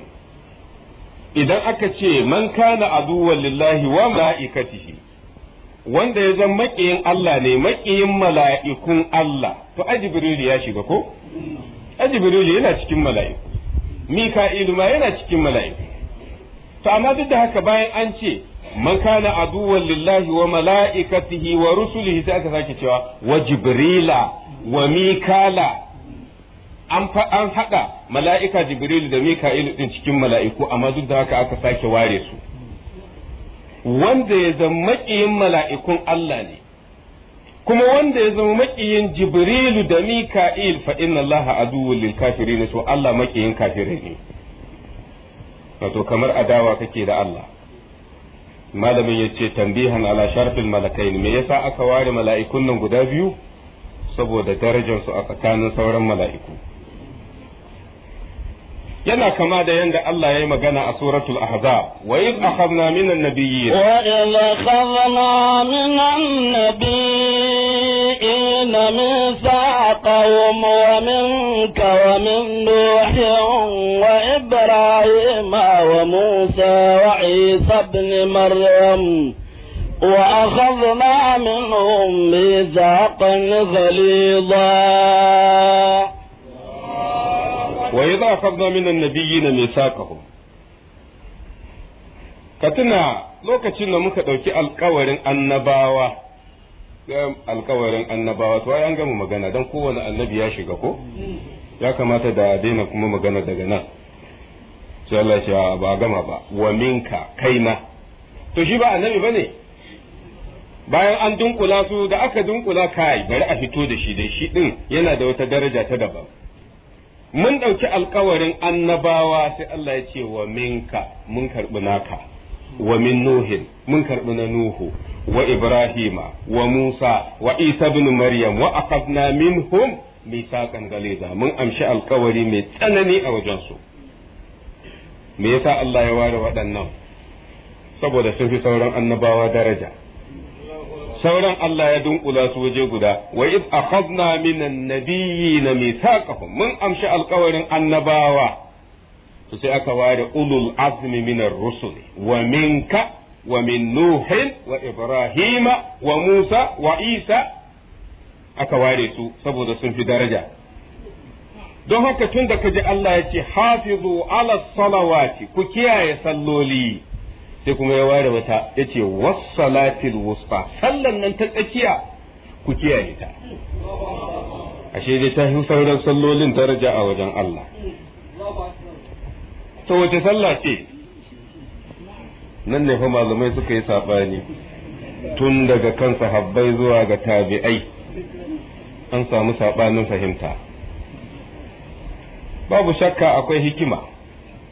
idan aka ce man kana aduwan lillahi wa mala'ikatihi wanda ya zan makiyin Allah ne makiyin mala'ikun Allah to ajibrilu ya shiga ko ajibrilu yana cikin mala'iku mika'ilu ma yana cikin mala'iku to amma duk da haka bayan an ce man kana aduwwan lillahi wa mala'ikatihi wa rusulihi sai aka sake cewa wa jibrila wa mikala an an haɗa mala'ika jibrilu da mika'ilu din cikin mala'iku amma duk da haka aka sake ware su wanda ya zama makiyin mala'ikun Allah ne kuma wanda ya zama makiyin jibrilu da mika'il fa inna allaha aduwwul lil kafirin so Allah makiyin kafiri ne wato kamar adawa kake da Allah malamin ya ce tambihan ala malakai ne me yasa aka ware mala'ikun nan guda biyu saboda darajarsu a tsakanin sauran mala'iku yana kama da yanda Allah ya yi magana a suratul ahzab wa iz akhadna minan nabiyyin wa iz akhadna minan nabiyyin mithaqahum wa minka wa min nuhin wa ibrahim wa musa wa isa ibn maryam wa akhadna minhum mizaqan غليظا idza akhadna min annabiyyin mithaqahum ka tuna lokacin da muka dauki alkawarin annabawa alkawarin annabawa to ai an gama magana dan kowane annabi ya shiga ko ya kamata da daina kuma magana daga nan sai Allah ya ba gama ba wa minka kaina to shi ba annabi bane bayan an dunkula su da aka dunkula kai bari a fito da shi dai shi din yana da wata daraja ta daban mun ɗauki alkawarin annabawa sai Allah ya ce wa minka mun karɓi naka wa min nuhin mun karɓi na nuhu wa ibrahima wa musa wa isa bin maryam wa aqadna minhum mithaqan galiza mun amshi alkawari mai tsanani a wajen su me yasa Allah ya ware waɗannan saboda sun fi sauran annabawa daraja sauran Allah ya dunkula su waje guda wa iz akhadna minan nabiyina mithaqahum mun amshi alkawarin annabawa to sai aka ware ulul azmi minar rusul wa minka wa min nuhin wa ibrahima wa musa wa isa aka ware su saboda sun fi daraja don haka tun da kaji Allah ya ce hafizu ala salawati ku kiyaye salloli sai kuma ya ware mata ya ce wassalatil wusfa sallan nan ta tsakiya ku kiyaye ta ashe dai ta hin sauran sallolin daraja a wajen Allah to wace sallah ce nan ne fa malamai suka yi sabani tun daga kan sahabbai zuwa ga tabi'ai an samu sabanin fahimta babu shakka akwai hikima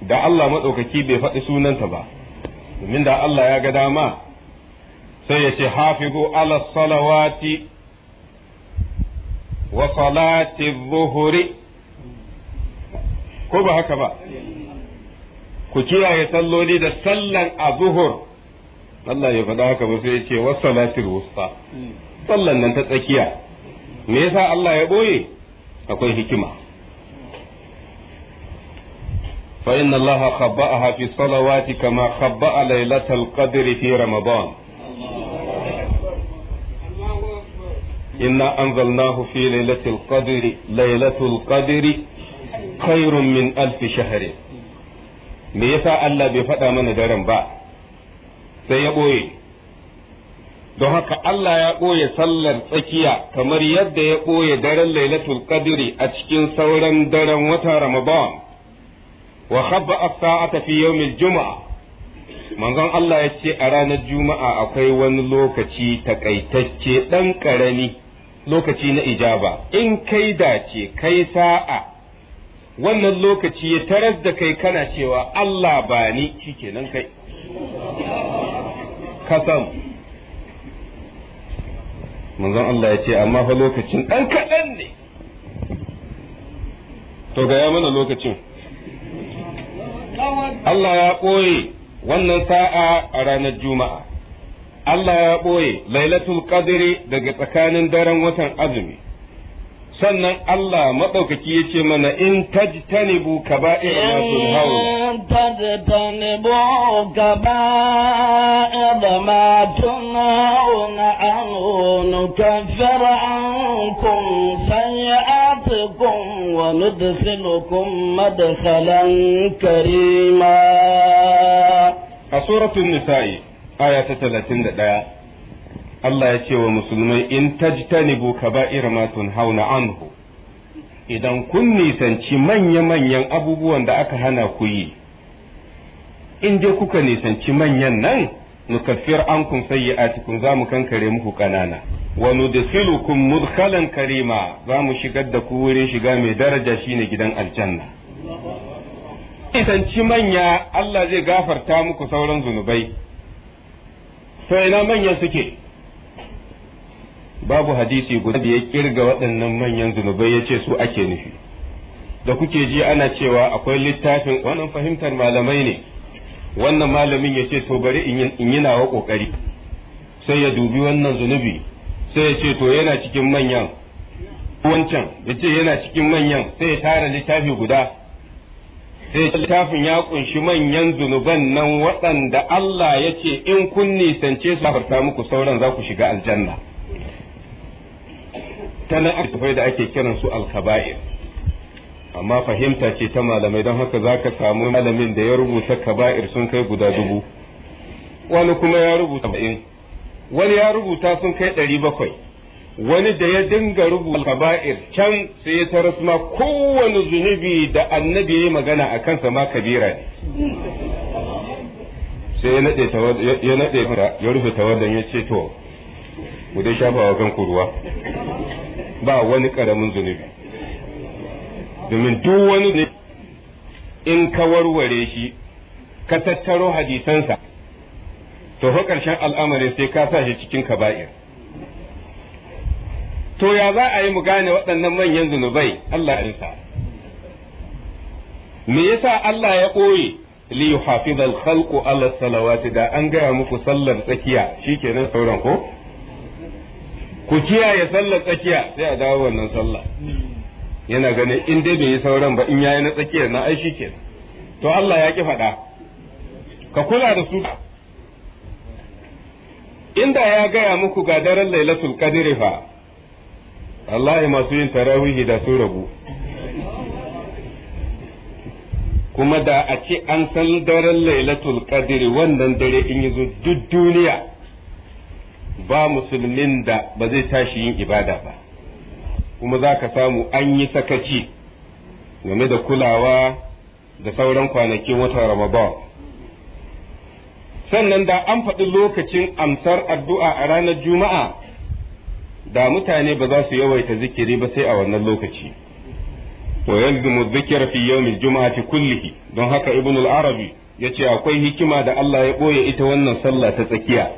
da Allah maɗaukaki bai faɗi sunanta ba domin da Allah ya ga dama sai ya ce hafizu ala salawati wa salati zuhuri ko ba haka ba ku kiyaye salloli da sallan a zuhur Allah ya faɗa haka ba sai ya ce wa salatil wusta sallan nan ta tsakiya me yasa Allah ya boye akwai hikima فإن الله خبأها في الصلوات كما خبأ ليلة القدر في رمضان إنا أنزلناه في ليلة القدر ليلة القدر خير من ألف شهر me yasa Allah bai faɗa mana daren ba sai ya ɓoye don haka Allah ya ɓoye sallar tsakiya kamar yadda ya ɓoye daren lailatul qadri a cikin sauran daren wata Ramadan wa khabba as-sa'ata fi al juma'a manzon Allah ya ce a ranar juma'a akwai wani lokaci takaitacce dan karami lokaci na ijaba in kai dace kai sa'a wannan lokaci ya taras da kai kana cewa Allah ba ni shikenan kai kasam manzon Allah ya ce amma fa lokacin dan kaɗan ne to gaya mana lokacin Allah ya ɓoye wannan sa'a a ranar Juma'a. Allah ya ɓoye lailatul qadri daga tsakanin daren watan azumi sannan Allah maɗaukaki ya ce mana in tajtanibu kaba'ira ma tunhauna in tajtanibu kaba'ira ma tunhauna anhu nukaffir ankum sayi'atikum wa nudkhilukum madkhalan karima a suratul nisa'i aya ta 31 Allah ya ce wa musulmai in tajtanibu kaba'ir ma tunhauna anhu idan kun nisanci manya-manyan abubuwan da aka hana ku yi in dai kuka nisanci manyan nan nukaffir ankum sayyi'atikum za mu kankare muku kanana wa nudkhilukum mudkhalan karima za mu shigar da ku wurin shiga mai daraja shine gidan aljanna nisanci manya Allah zai gafarta muku sauran zunubai sai na manyan suke babu hadisi guda da ya kirga waɗannan manyan zunubai ya ce su ake nufi da kuke ji ana cewa akwai littafin wannan fahimtar malamai ne wannan malamin ya ce to bari in yi nawa ƙoƙari sai ya dubi wannan zunubi sai ya ce to yana cikin manyan wancan ya ce yana cikin manyan sai ya tara littafi guda sai littafin ya kunshi manyan zunuban nan waɗanda Allah ya ce in kun nisance su muku sauran za ku shiga aljanna ta nan akwai da ake kiran su alkaba'ir amma fahimta ce ta malamai don haka za ka samu malamin da ya rubuta kaba'ir sun kai guda dubu wani kuma ya rubuta ba'in wani ya rubuta sun kai ɗari bakwai wani da ya dinga rubuta kaba'ir can sai ya taras ma kowane zunubi da annabi ya yi magana a kansa ma kabira ne sai ya naɗe ya rufe tawadan ya ce to ku dai shafa wa kanku ruwa ba wani ƙaramin zunubi domin duk wani ne in ka warware shi ka tattaro hadisansa to fa ƙarshen al'amari sai ka sa shi cikin kaba'ir to ya za a yi mu gane waɗannan manyan zunubai Allah ya me yasa Allah ya ɓoye li yuhafizal khalqu ala salawati da an gaya muku sallar tsakiya shikenan sauran ko ku kiyaye sallar tsakiya sai a dawo wannan sallah yana ganin in dai bai yi sauran ba in yayi na tsakiyar na ai ke to Allah ya ki faɗa ka kula da su inda ya gaya muku ga daren lailatul qadri fa wallahi masu yin tarawihi da su rabu kuma da a ce an san daren lailatul qadri wannan dare in yi duk duniya ba musulmin da ba zai tashi yin ibada ba kuma za ka samu an yi sakaci game da kulawa da sauran kwanakin watan ramadan sannan da an faɗi lokacin amsar addu'a a ranar juma'a da mutane ba za su yawaita zikiri ba sai a wannan lokaci wa yalzimu dhikra fi juma’a ta kullihi don haka ibn al ya ce akwai hikima da Allah ya ɓoye ita wannan sallah ta tsakiya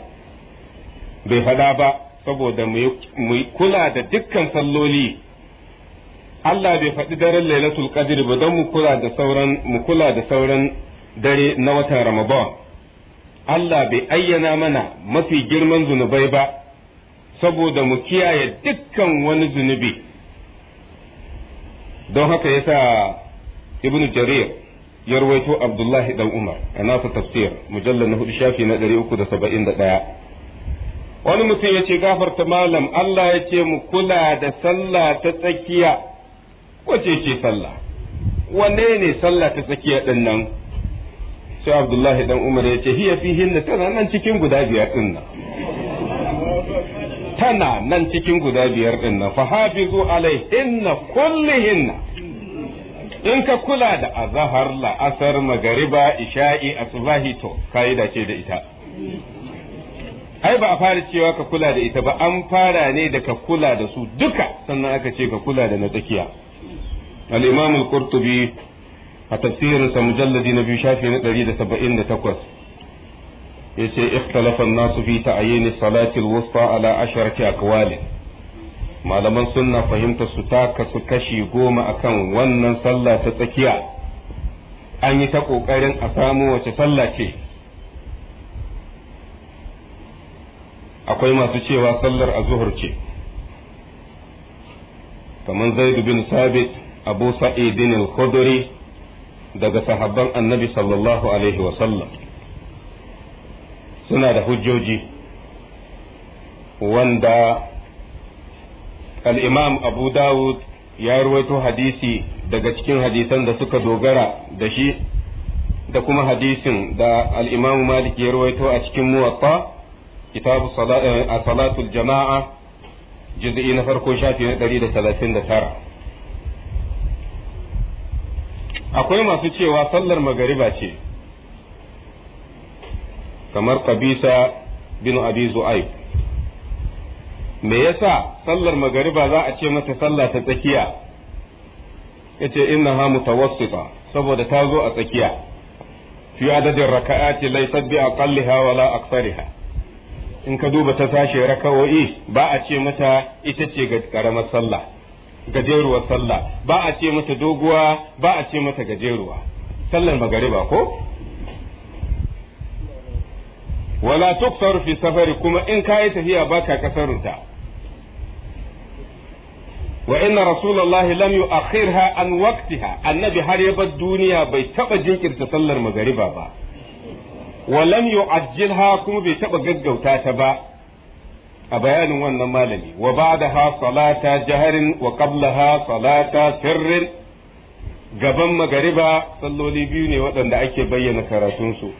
bai faɗa ba saboda mu kula da dukkan salloli Allah bai faɗi daren lailatul qadr ba don mu kula da sauran mu kula da sauran dare na watan Ramadan Allah bai ayyana mana mafi girman zunubai ba saboda mu kiyaye dukkan wani zunubi don haka yasa ibn jarir ya rawaito abdullahi dan umar a nasa tafsir mujallar na hudu shafi na 371 wani mutum ya ce gafarta malam Allah ya ce mu kula da sallah ta tsakiya wace ce sallah wanne ne sallah ta tsakiya din nan sai Abdullahi dan Umar ya ce hiya hinna tana nan cikin guda biyar din nan tana nan cikin guda biyar din nan fa hafizu alaihinna hinna in ka kula da azahar la'asar magariba isha'i asbahi to kaida ce da ita ai ba a fara cewa ka kula da ita ba an fara ne da ka kula da su duka sannan aka ce ka kula da na tsakiya al-imam al-qurtubi a tafsirin sa mujalladi na biyu shafi na 178 yace ikhtalafa an-nasu fi ta'yin salati al-wusta ala asharati aqwal malaman sunna fahimta su taka su kashi goma akan wannan sallah ta tsakiya an yi ta kokarin a samu wace sallah ce akwai masu cewa sallar azuhur ce kamar zaid bin sabit abu sa'idin al-khudri daga sahabban annabi sallallahu alaihi wa sallam suna da hujjoji wanda al-imam abu dawud ya ruwaito hadisi daga cikin hadisan da suka dogara da shi da kuma hadisin da al-imam malik ya ruwaito a cikin muwatta kitabu salatul jama'a juz'i na farko shafi na tara. akwai masu cewa sallar magariba ce kamar kabisa bin abi zu'aib me yasa sallar magariba za a ce mata sallah ta tsakiya yace innaha mutawassita saboda ta zo a tsakiya fi adadin raka'ati laysa bi aqalliha wala aktsariha in ka duba ta sashe raka'o'i ba a ce mata ita ce ga karamar sallah gajeruwar sallah ba a ce mata doguwa ba a ce mata gajeruwa sallar magariba ko wala tuksaru fi safari kuma in ka yi tafiya ba ka kasarunta wa inna rasulullahi lam yu'akhirha an waqtiha annabi har ya bar duniya bai taba jinkirta sallar magariba ba wa lam yu'ajjilha kuma bai taɓa gaggauta ta ba a bayanin wannan malami wa ba'daha salata jaharin wa qablaha sirrin gaban magariba salloli biyu ne waɗanda ake bayyana karatunsu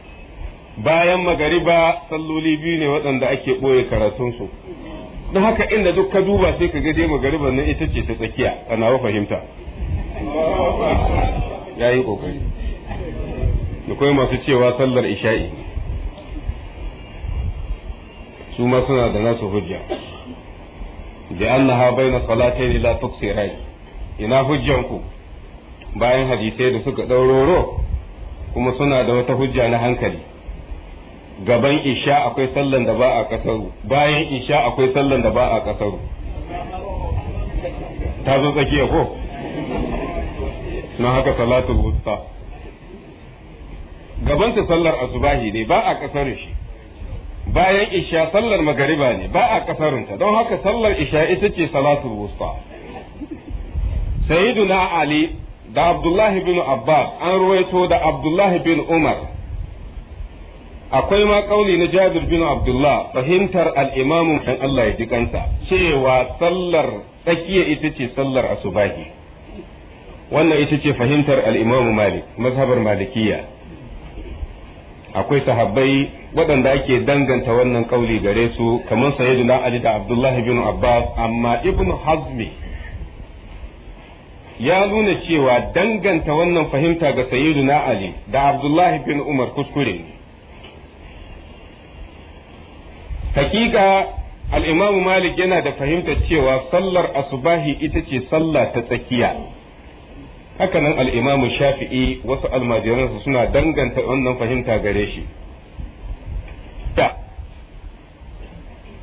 bayan magariba salloli biyu ne waɗanda ake ɓoye karatunsu don haka inda duk ka duba sai ka gaje magariban nan ita ce ta tsakiya ana fahimta ya yi ƙoƙari akwai masu cewa sallar isha'i su ma suna da nasu hujja da na baina salatayn ina hujjanku bayan hadisai da suka ɗauroro kuma suna da wata hujja na hankali gaban isha akwai sallan da ba a kasaru bayan isha akwai sallan da ba a kasaru ta zo tsakiya ko na haka Talatu wusta Gabanta sallar asubahi ne ba a kasar shi bayan isha sallar magariba ne ba a kasarinta don haka sallar isha ita ce salatul wusta sayyiduna ali da abdullahi bin abbas an ruwaito da abdullahi bin umar akwai ma kauli na jabir bin abdullah fahimtar al'imamu kan Allah ya ji cewa sallar tsakiya ita ce sallar asubahi wannan ita ce fahimtar al'imamu malik mazhabar malikiya akwai sahabbai waɗanda ake danganta wannan kauli gare su kamar sayyiduna ali da abdullahi bin abbas amma ibn hazmi ya nuna cewa danganta wannan fahimta ga sayyiduna ali da abdullahi bin umar kuskure ne hakika al'imamu malik yana da fahimtar cewa sallar asubahi ita ce sallah ta tsakiya haka nan al-Imam Shafi'i wasu almajiransu suna danganta wannan fahimta gare shi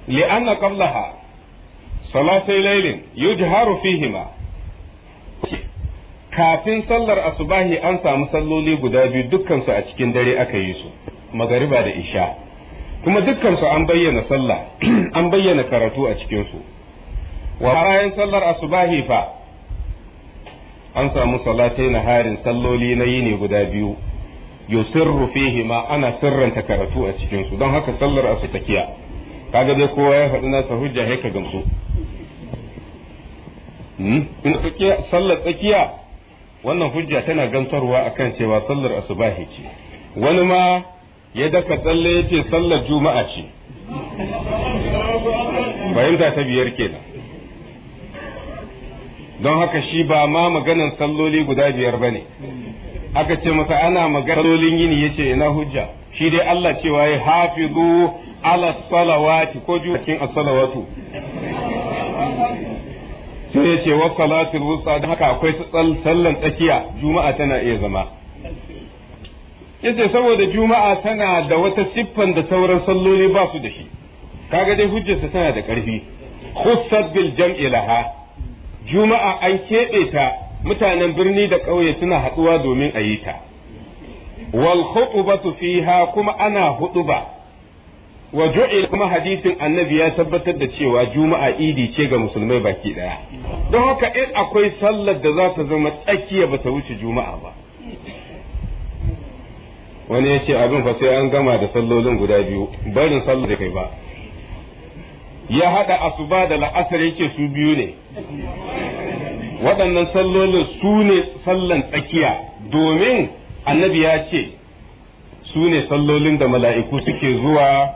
Salasai قبلها yau ليل يجهر فيهما kafin sallar asubahi an samu salloli guda biyu dukkansu a cikin dare aka yi su magariba da isha kuma dukkansu an bayyana sallah an bayyana karatu a cikinsu wa bayan sallar asubahi fa an samu salatai na harin salloli na yini guda biyu yusirru fihi ma ana sirranta karatu a cikin su don haka sallar asu takiya kaga dai kowa ya faɗi nasa hujja ya ka gamsu hmm? sallar tsakiya wannan hujja tana gamsarwa akan cewa sallar asubahi ce wani ma ya daka tsalle ya sallar juma'a ce fahimta ta biyar kenan don haka shi ba ma maganan salloli guda biyar ba ne. aka ce masa ana magana sallolin yini ce ina hujja shi dai Allah cewa ya hafizu ala salawati ko jukin as-salawatu sai yace wa salatul wusta don haka akwai sallan tsakiya juma'a tana iya zama yace saboda juma'a tana da wata siffan da sauran salloli ba su da shi kaga dai hujjarsa tana da ƙarfi khussat bil jam'i laha juma'a an keɓe ta mutanen birni da ƙauye suna haɗuwa domin a yi ta wal khutbatu fiha kuma ana ba wa ju'il kuma hadisin annabi ya tabbatar da cewa juma'a idi ce ga musulmai baki daya don haka in akwai sallar da za ta zama tsakiya ba ta wuce juma'a ba wani ya ce abin fa sai an gama da sallolin guda biyu barin sallar da kai ba ya haɗa asuba da la'asar yake su biyu ne waɗannan sallolin su ne sallan tsakiya domin annabi ya ce su ne sallolin da mala'iku suke zuwa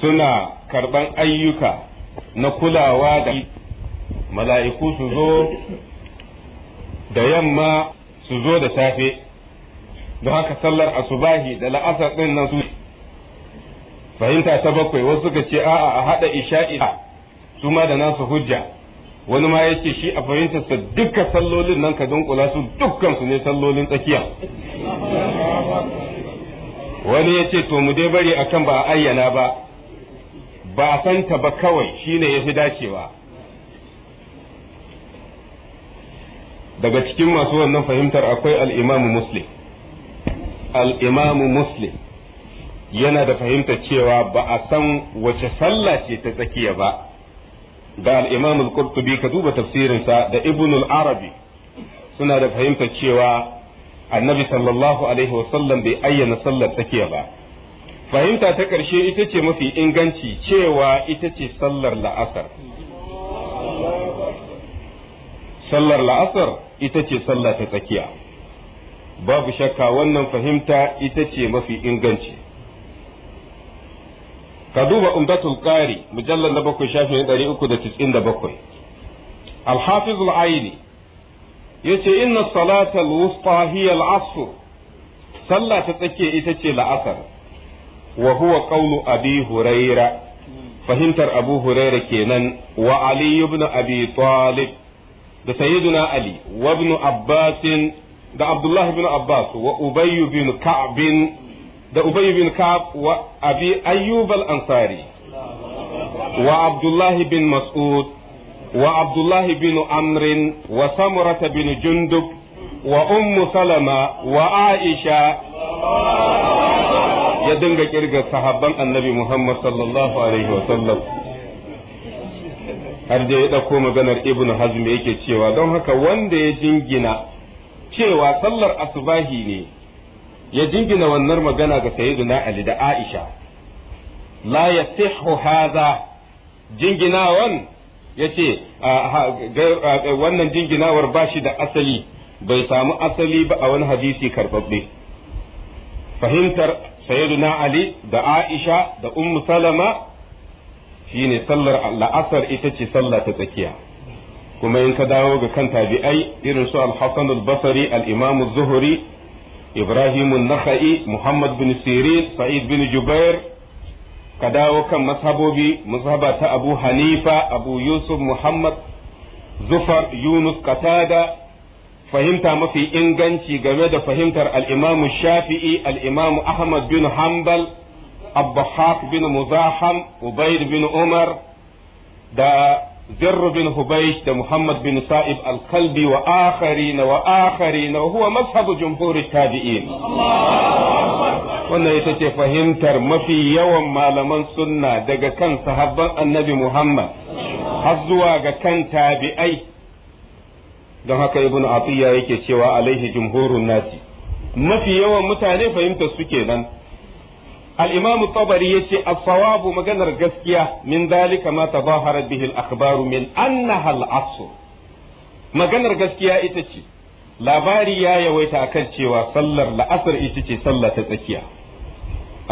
suna karɓan ayyuka na kulawa da mala'iku su zo da yamma su zo da safe don haka sallar asubahi da la'asar ɗin nan su fahimta ta bakwai wasu suka ce a'a a hada isha'i su ma da nasu hujja wani ma yace shi a fahimtarsa dukkan sallolin nan ka dunkula su dukkan su ne sallolin tsakiya wani ya ce to mu dai bari akan ba a ayyana ba ba a ta ba kawai shine ya fi dacewa daga cikin masu wannan fahimtar akwai al'imamu muslim al'imamu muslim yana da fahimtar cewa ba a san wace sallah ce ta tsakiya ba da al-Imam al-Qurtubi ka duba tafsirinsa da Ibn al-Arabi suna da fahimtar cewa annabi sallallahu alaihi wasallam bai ayyana sallar tsakiya ba fahimta ta ƙarshe ita ce mafi inganci cewa ita ce sallar la'asar sallar la'asar ita ce sallar ta tsakiya babu shakka wannan fahimta ita ce mafi inganci ka duba umdatul qari mujallal na bakwai shafin ɗari uku da tis'in da bakwai alhafizul aini yace inna salatal wusta hiya al-asr sallah ta tsakiya ita ce la'asar wa huwa qawlu abi huraira fahimtar abu huraira kenan wa ali ibn abi talib da sayyiduna ali wa ibn abbas da abdullah ibn abbas wa ubay ibn ka'b da Ubay bin Ka'ab wa Abi Ayyub al-Ansari wa Abdullah bin Mas'ud wa Abdullah bin Amr wa Samurah bin Jundub wa Ummu Salama wa Aisha ya dinga kirga sahabban Annabi Muhammad sallallahu alaihi wa sallam har da ya ɗauko maganar ibn hazm yake cewa don haka wanda ya jingina cewa sallar asubahi ne ya jingina wannan magana ga sayyiduna Ali da Aisha la yasihhu hadha jinginawan yace wannan jinginawar bashi da asali bai samu asali ba a wani hadisi karbabbe fahimtar sayyiduna Ali da Aisha da Ummu Salama shine sallar la'asar ita ce sallah ta tsakiya kuma in ka dawo ga kan tabi'ai irin su al-Hasan al-Basri al-Imam az-Zuhri ibrahim an muhammad bin sirin sa'id bin jubair ka dawo kan mashabobi mashaba ta abu hanifa abu yusuf muhammad zufar yunus qatada fahimta mafi inganci game da fahimtar al shafi'i al-imam ahmad bin hanbal abdahak bin muzaham ubayd bin umar da زر بن حبيش ده محمد بن صائب الكلبي وآخرين وآخرين وهو مذهب جمهور التابعين wannan ita ce fahimtar mafi yawan malaman sunna daga kan sahabban annabi Muhammad har zuwa ga kan tabi'ai don haka ibn Atiyya yake cewa alaihi jumhurun nasi mafi yawan mutane fahimtar su kenan al-imam tabari yace as-sawabu maganar gaskiya min dalika ma tazahara bihi al min annaha al-asr maganar gaskiya ita ce labari ya yawaita a akan cewa sallar la'asar ita ce sallar ta tsakiya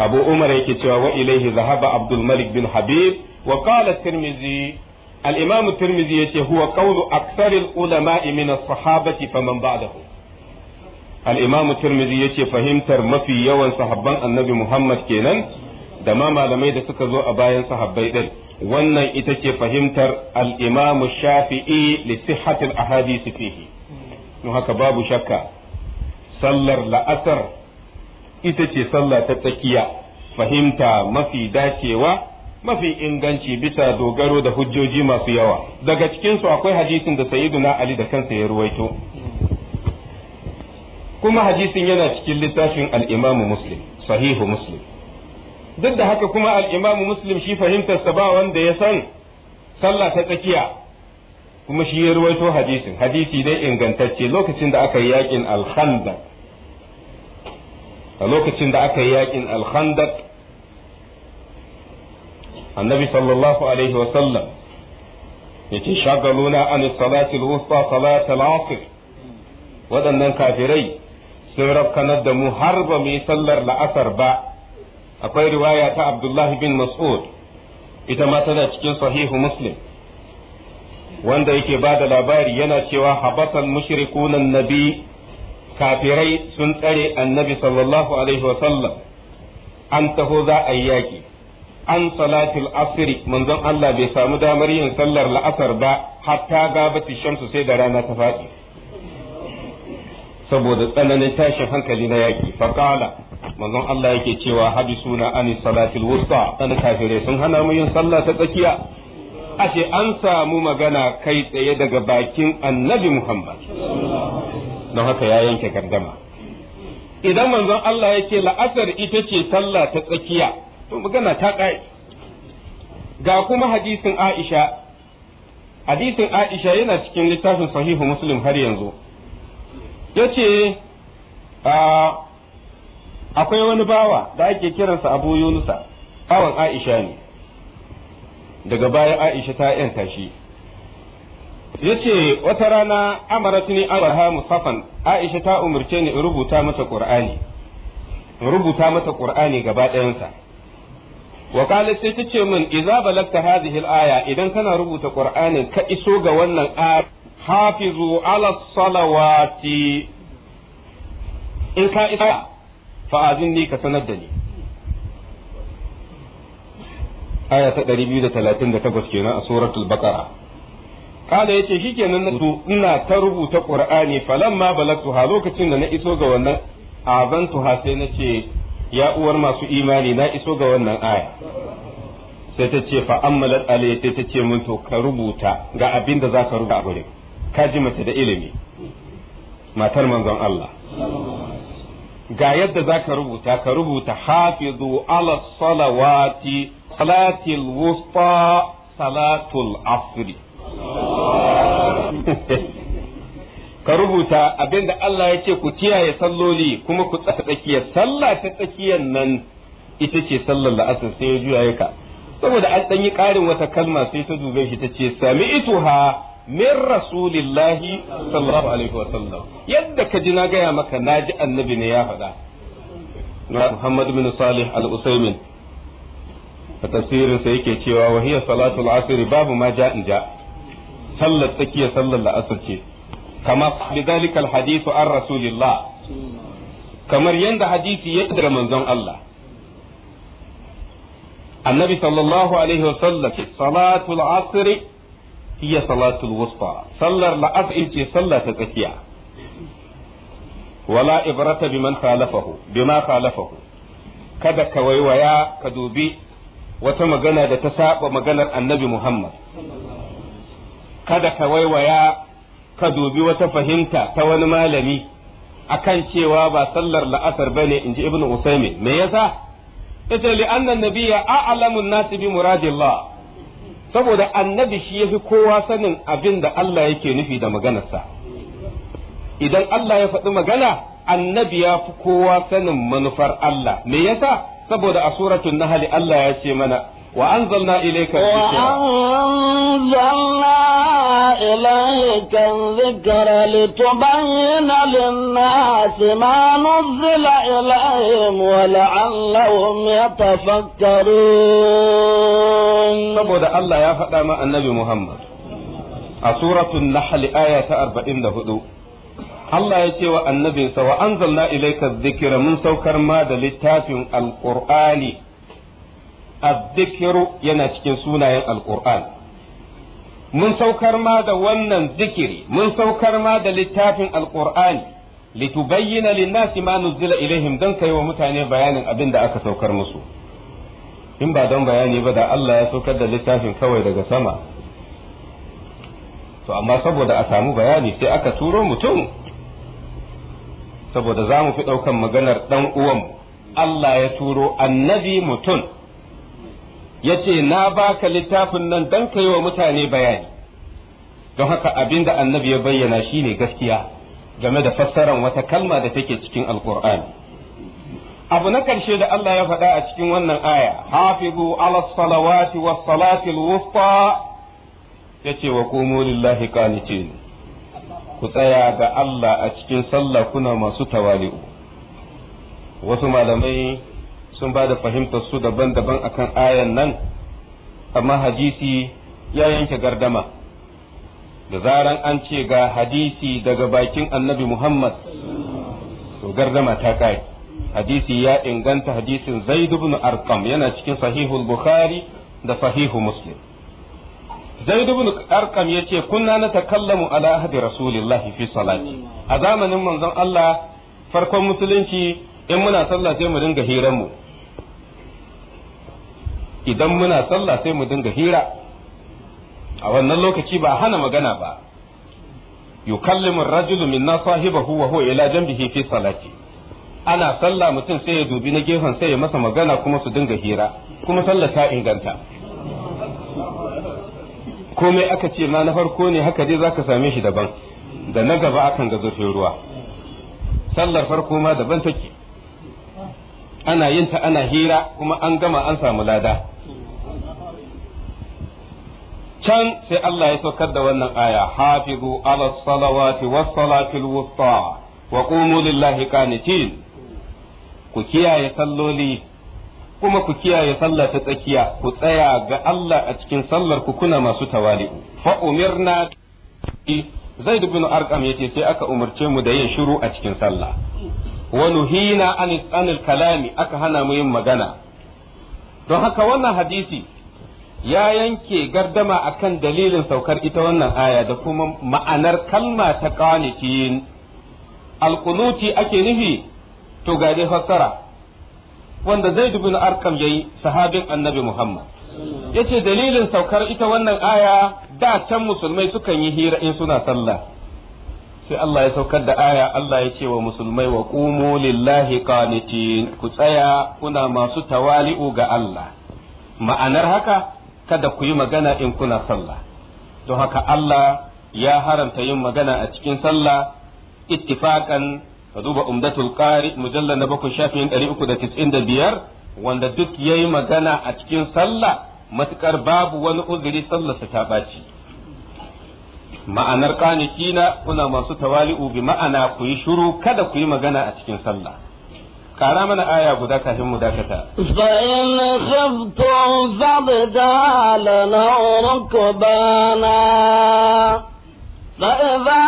abu umar yake cewa wa ilaihi zahaba abdul malik bin habib wa qala tirmizi al-imam tirmizi yace huwa ƙaulu aksaril ulama'i min as-sahabati faman ba'dahu al-imam ya ce fahimtar mafi yawan sahabban annabi muhammad kenan da ma malamai da suka zo a bayan sahabbai din wannan ita ce fahimtar al-imam shafi'i li sihhati al-ahadith fihi haka babu shakka sallar la'asar ita ce sallar ta tsakiya fahimta mafi dacewa mafi inganci bisa dogaro da hujjoji masu yawa daga cikinsu akwai hadisin da saidu na ali da kansa ya ruwaito kuma hadisin yana cikin littafin al'imamu muslim sahihu muslim duk da haka kuma al'imamu muslim shi fahimtarsa ba wanda ya san sallah ta tsakiya kuma shi ya ruwaito hadisin hadisi dai ingantacce lokacin da aka yi yakin alhanda a lokacin da aka yi yakin alhandak annabi sallallahu alaihi wasallam ce shagaluna an salati wusta salat waɗannan kafirai sun rafkanar da mu har ba mu yi sallar la'asar ba akwai riwaya ta abdullahi bin mas'ud ita ma tana cikin sahihu muslim wanda yake ba da labari yana cewa habasan mushrikunan nabi kafirai sun tsare annabi sallallahu alaihi sallam an taho za a yi yaƙi an salatul asiri manzon Allah bai samu damar yin sallar la'asar ba hatta gabati shamsu sai da rana ta faɗi saboda tsananin tashin hankali na yaƙi faƙala manzon Allah yake cewa habisuna an salatil wusta an kafirai sun hana mu yin sallah ta tsakiya ashe an samu magana kai tsaye daga bakin annabi Muhammad don haka ya yanke gardama idan manzon Allah yake la'asar ita ce sallah ta tsakiya to magana ta kai ga kuma hadisin Aisha hadisin Aisha yana cikin littafin sahihu Muslim har yanzu yace akwai wani bawa da ake kiransa Abu Yunusa bawan Aisha ne daga baya Aisha ta yanta shi yace wata rana amaratuni alaha musafan Aisha ta umarce ni rubuta mata Qur'ani rubuta mata Qur'ani gaba ɗayansa wa kala sai tace min idza balagta hadhihi al-aya idan kana rubuta Qur'anin ka iso ga wannan aya hafizu ala salawati in ka isa fa'azin ni ka sanar da ni aya ta 238 kenan a suratul baqara kada yace shikenan na ina ta rubuta qur'ani falamma balagtuha lokacin da na iso ga wannan azantuha sai nace ya uwar masu imani na iso ga wannan aya sai ta ce fa ammalat alayhi ta ce mun to ka rubuta ga abin da za ka rubuta a gurin ka ji mace da ilimi matar manzon Allah ga yadda za ka rubuta ka rubuta hafizu ala salawati salatil wusta salatul asri ka rubuta abinda Allah ya ce ku kiyaye salloli kuma ku tsakiyar sallah ta tsakiyar nan ita ce sallar la'asar sai ya juya ka saboda an ɗan yi ƙarin wata kalma sai ta dube shi ta ce sami ituha min rasulillahi sallallahu alaihi wa sallam yadda ka ji na gaya maka na ji annabi ne ya faɗa Muhammad bin Salih al usaymin a sa yake cewa wa hiya salatul asr babu ma ja'in ja sallar tsakiya sallar la'asar ce kama bidhalika al-hadithu an rasulillah kamar yadda hadisi ya da manzon Allah annabi sallallahu alaihi wa sallam salatul asr hiya salatul wusta sallar la'af in ce sallah ta tsakiya wala ibrata biman khalafahu bima khalafahu kada ka waiwaya ka dubi wata magana da ta saba maganar annabi Muhammad kada ka waiwaya ka dubi wata fahimta ta wani malami akan cewa ba sallar la'asar bane inji ibnu usaymi me yasa ita li anna nabiyya a'lamu nasi bi muradillah saboda annabi shi yafi kowa sanin abin da Allah yake nufi da maganarsa idan Allah ya faɗi magana annabi ya fi kowa sanin manufar Allah me yasa saboda a suratul nahl Allah ya ce mana وأنزلنا إليك الذكر وأنزلنا إليك الذكر لتبين للناس ما نزل إليهم ولعلهم يتفكرون سبوذا الله يا فتام النبي محمد سورة النحل آية أربعين لهدو Allah ya ce wa annabinsa wa anzalna ilayka dhikra mun saukar ma da littafin alqur'ani الذكر yana cikin sunayen alqur'an mun saukar ma da wannan zikiri mun saukar ma da littafin Alƙur'ani litubayyana lin-nasi ma nuzila ilaihim dan kai wa mutane bayanin abin da aka saukar musu in ba don bayani ba da Allah ya saukar da littafin kawai daga sama to amma saboda a samu bayani sai aka turo mutum saboda za mu fi ɗaukan maganar ɗan uwanmu Allah ya turo annabi mutum yace na baka littafin nan don ka yi wa mutane bayani don haka abinda annabi ya bayyana shine gaskiya game da fassaran wata kalma da take cikin alkur'ani abu na karshe da Allah ya faɗa a cikin wannan aya hafizu ala salawati was salatil wusta yace wa qumu lillahi qanitin ku tsaya ga Allah a cikin sallah kuna masu tawali'u wasu malamai sun ba da fahimtar su daban-daban akan ayan nan amma hadisi ya yanke gardama da zaran an ce ga hadisi daga bakin annabi Muhammad to gardama ta kai hadisi ya inganta hadisin Zaid ibn Arqam yana cikin sahihul Bukhari da sahihu Muslim Zaid ibn Arqam yace kunna natakallamu ala ahdi rasulillahi fi salati a zamanin manzon Allah farkon musulunci in muna sallah sai mu dinga hiran mu idan muna sallah sai mu dinga hira a wannan lokaci ba hana magana ba yukallimu rajulu na sahibahu wa huwa ila janbihi fi salati ana sallah mutum sai ya dubi na gefen sai ya masa magana kuma su dinga hira kuma sallah ta inganta komai aka ce ma na farko ne haka dai zaka same shi daban da na gaba akan ga zurfin ruwa sallar farko ma daban take ana yin ta ana hira kuma an gama an samu lada can sai Allah ya saukar da wannan aya hafizu ala salawati was salatil wusta wa qumu lillahi qanitin ku kiyaye salloli kuma ku kiyaye sallah ta tsakiya ku tsaya ga Allah a cikin sallar ku kuna masu tawali fa umirna Zaid ibn Arqam yace sai aka umarce mu da yin shiru a cikin sallah wa nuhina anil kalami aka hana mu yin magana don haka wannan hadisi ya yanke gardama akan dalilin saukar ita wannan aya da kuma ma'anar kalma ta qanitin alqunuti ake nufi to ga dai fassara wanda Zaid bin Arkam yayi sahabin Annabi Muhammad yace dalilin saukar ita wannan aya da can musulmai sukan yi hira in suna sallah sai Allah ya saukar da aya Allah ya ce wa musulmai wa qumu lillahi qanitin ku tsaya kuna masu tawali'u ga Allah ma'anar haka kada ku yi magana in kuna sallah don haka Allah ya haramta yin magana a cikin sallah ittifaqan ka duba umdatul qari mujallal na bakun shafin biyar wanda duk yayi magana a cikin sallah matuƙar babu wani uzuri sallarsa ta baci ma'anar na kuna masu tawali'u bi ma'ana ku yi shiru kada ku yi magana a cikin sallah قال من آية بدك هم ذاكتا فإن خَفْتُمْ فبدال نور كبانا فإذا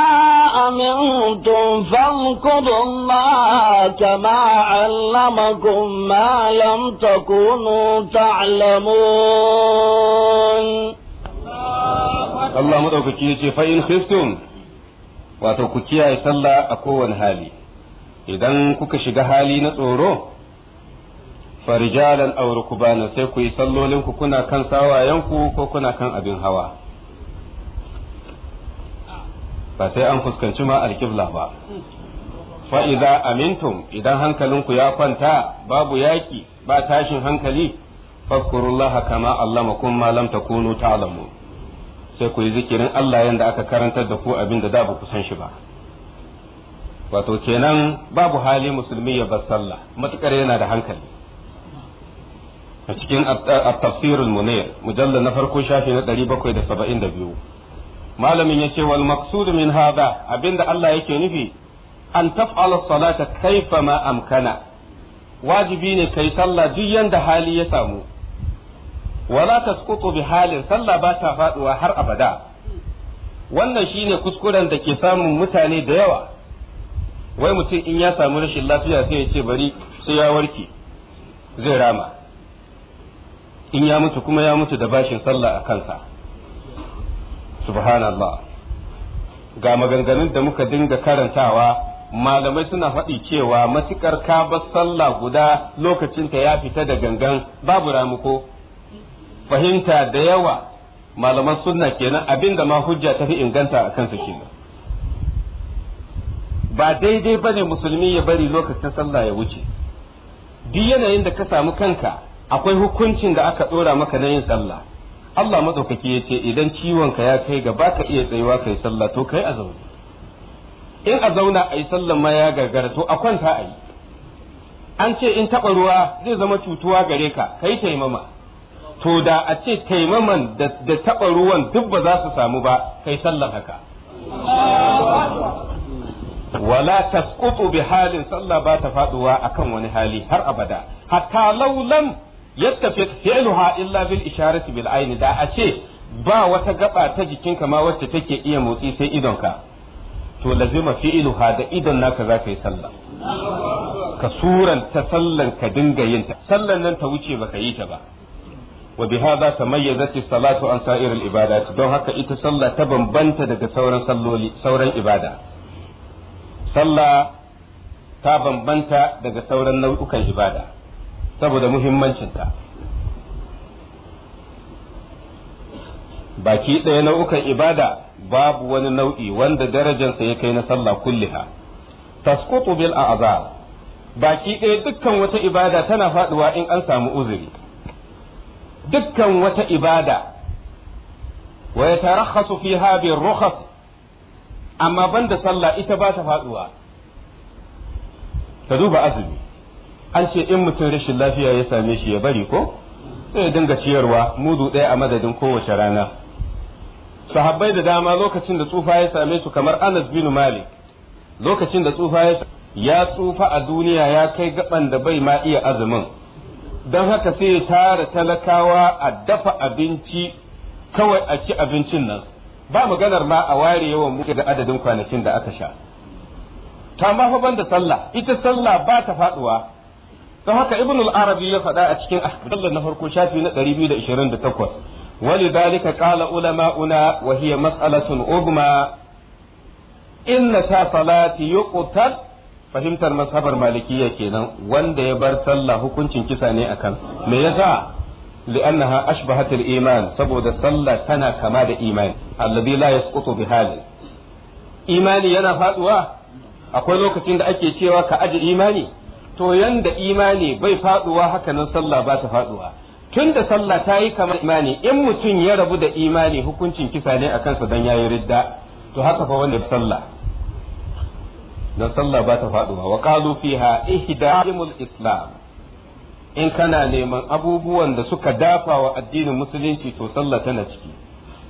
أمنتم فَانْقُضُوا الله كما علمكم ما لم تكونوا تعلمون الله مدعو كتير فإن خفتم وأتوكتيا يسلى أقوى هالي idan kuka shiga hali na tsoro farijalan aw rukbana sai ku yi sallolin ku kuna kan sawayenku ko kuna kan abin hawa ba sai an fuskanci ma alkibla ba fa'iza idza amintum idan hankalinku ya kwanta babu yaki ba tashin hankali fakurullaha kama allamakum ma lam takunu ta'lamun sai ku yi zikirin Allah yanda aka karantar da ku abinda da da ba ku san shi ba wato kenan babu hali musulmi ya bar sallah matukar yana da hankali a cikin at-tafsirul munir mujallal na farko shafi na 772 malamin ya ce wal maqsud min hada abinda Allah yake nufi an taf'ala salata kaifa ma amkana wajibi ne kai sallah duk yanda hali ya samu wala tasqutu bi halin sallah ba ta faduwa har abada wannan shine kuskuren da ke samun mutane da yawa wai mutum in ya samu rashin lafiya sai ya ce bari sai ya warke zai rama in ya mutu kuma ya mutu da bashin sallah a kansa subhanallah ga maganganun da muka dinga karantawa malamai suna faɗi cewa matuƙar ka bar sallah guda lokacinta ya fita da gangan babu ramuko fahimta da yawa malaman sunna kenan abinda ma hujja ta fi inganta a kansa kenan ba daidai ba ne musulmi ya bari lokacin sallah ya wuce duk yanayin da ka samu kanka akwai hukuncin da aka tsora maka na yin sallah Allah matsaukaki ya ce idan ciwonka ya kai ga ka iya tsayuwa kai sallah to kai a zaune in a zauna a yi sallah ma ya gagara to a kwanta a yi an ce in taɓa ruwa zai zama cutuwa gare ka kai taimama to da a ce taimaman da taɓa ruwan duk ba za su samu ba kai sallah haka wala tasqutu bi halin sallah ba ta faduwa akan wani hali har abada hatta laulan lam yattafiq fi'luha illa bil isharati bil da a ce ba wata gaba ta jikinka ma wacce take iya motsi sai idonka to lazima fi'luha da idon naka za ka yi sallah ka ta sallan ka dinga yin ta sallan nan ta wuce baka yi ta ba wa bi hadha tamayyazat as-salatu an sa'ir al-ibadat don haka ita sallah ta bambanta daga sauran salloli sauran ibada sallah ta bambanta daga sauran nau'ukan ibada saboda muhimmancinta baki ɗaya nau'ukan ibada babu wani nau'i wanda darajarsa ya kai na sallah kulliha tasqutu bil a'zar baki ɗaya dukkan wata ibada tana faduwa in an samu uzuri dukkan wata ibada wa yatarakhasu fiha bil rukhas amma banda sallah ita ba ta faduwa ka duba azumi an ce in mutum rashin lafiya ya same shi ya bari ko sai ya dinga ciyarwa mudu ɗaya a madadin kowace rana sahabbai da dama lokacin da tsufa ya same su kamar Anas bin Malik lokacin da tsufa ya ya tsufa a duniya ya kai gaban da bai ma iya azumin don haka sai ya tara talakawa a dafa abinci kawai a ci abincin nan ba maganar ma a ware yawan muke da adadin kwanakin da aka sha ta ma fa banda sallah ita sallah ba ta faduwa don haka ibn al-arabi ya faɗa a cikin ahmadullah na farko shafi na 228 una wa hiya وهي ugma inna ta salati يقتل fahimtar mazhabar malikiyya kenan wanda ya bar sallah hukuncin kisa ne akan me yasa لأنها أشبهت الإيمان سبود saboda Sallah tana kama da الذي لا يسقط بحال إيماني ينا فاتوا أقول لك تند أكي تيوا كأجل إيماني to yanda imani bai faduwa hakanan sallah ba ta faduwa tunda sallah tayi yi kamar imani in mutum ya rabu da imani hukuncin kisa ne a kansa dan yayi ridda to haka fa wanda sallah dan sallah ba ta faduwa wa qalu fiha ihda'imul islam in kana neman abubuwan da suka dafa wa addinin musulunci to sallah tana ciki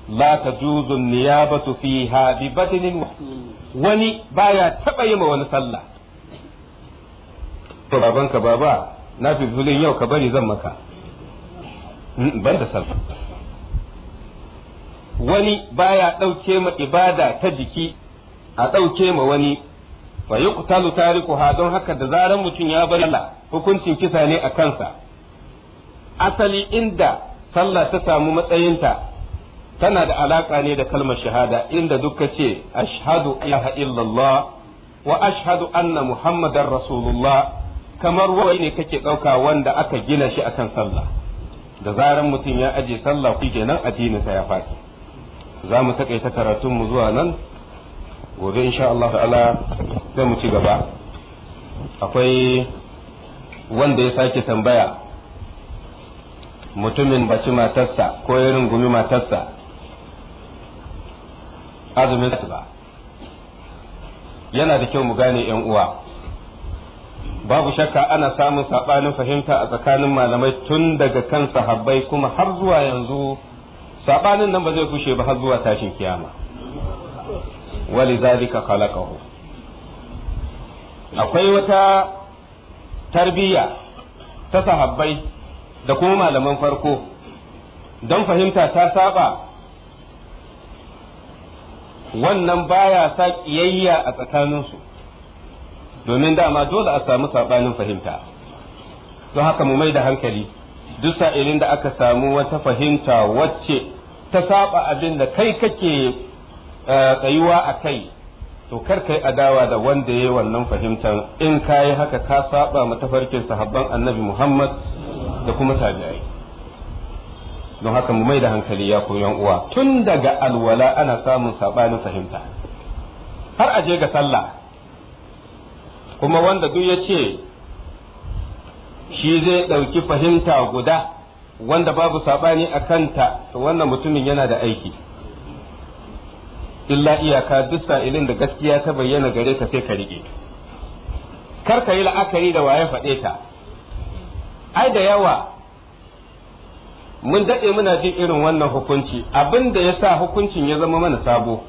la juzu niyabatu fiha bi batnin wani baya taba yi ma wani sallah to babanka baba na fi zulun yau ka bari zan maka mm, ban da sallah wani baya dauke ma ibada ta jiki a dauke ma wani fa yuqtalu tarikuha don haka da zaran mutum ya bar Allah hukuncin kisa ne a kansa asali inda sallah ta samu matsayinta tana da alaka ne da kalmar shahada inda duka ce ashhadu ilaha illallah wa ashhadu anna muhammadar rasulullah kamar wani ne kake ɗauka wanda aka gina shi akan sallah da zaran mutum ya aje sallah ku addinin addininsa ya faɗi za mu taƙaita karatunmu zuwa nan gobe insha Allah ta'ala sai mu ci gaba akwai wanda ya sake tambaya mutumin baci matarsa ko ya rungumi matarsa azumin ba yana da kyau mu gane yan uwa babu shakka ana samun saɓanin fahimta a tsakanin malamai tun daga kan sahabbai kuma har zuwa yanzu saɓanin nan ba zai kushe ba har zuwa tashin kiyama ولذلك خلقه akwai wata tarbiyya ta sahabbai da kuma malaman farko don fahimta ta saba wannan baya sa kiyayya a tsakaninsu domin dama dole a samu saɓanin fahimta don haka mu mai da hankali duk sa'ilin da aka samu wata fahimta wacce ta saba abin da kai kake Eh, tsayuwa a kai to kar kai adawa da wanda ya yayi wannan fahimtar in kai haka ka saba mutafarkin habban sahabban annabi Muhammad da kuma tabi'ai don haka mu mai da hankali ya koyan uwa tun daga alwala ana samun sabanin fahimta har a je ga sallah kuma wanda duk ya ce shi zai ɗauki fahimta guda wanda babu sabani a kanta to wannan mutumin yana da aiki illa iyaka duk sa'ilin da gaskiya ta bayyana gare ka sai ka rike kar ka yi la'akari da waye faɗe ta ai da yawa mun daɗe muna jin irin wannan hukunci abinda da ya sa hukuncin ya zama mana sabo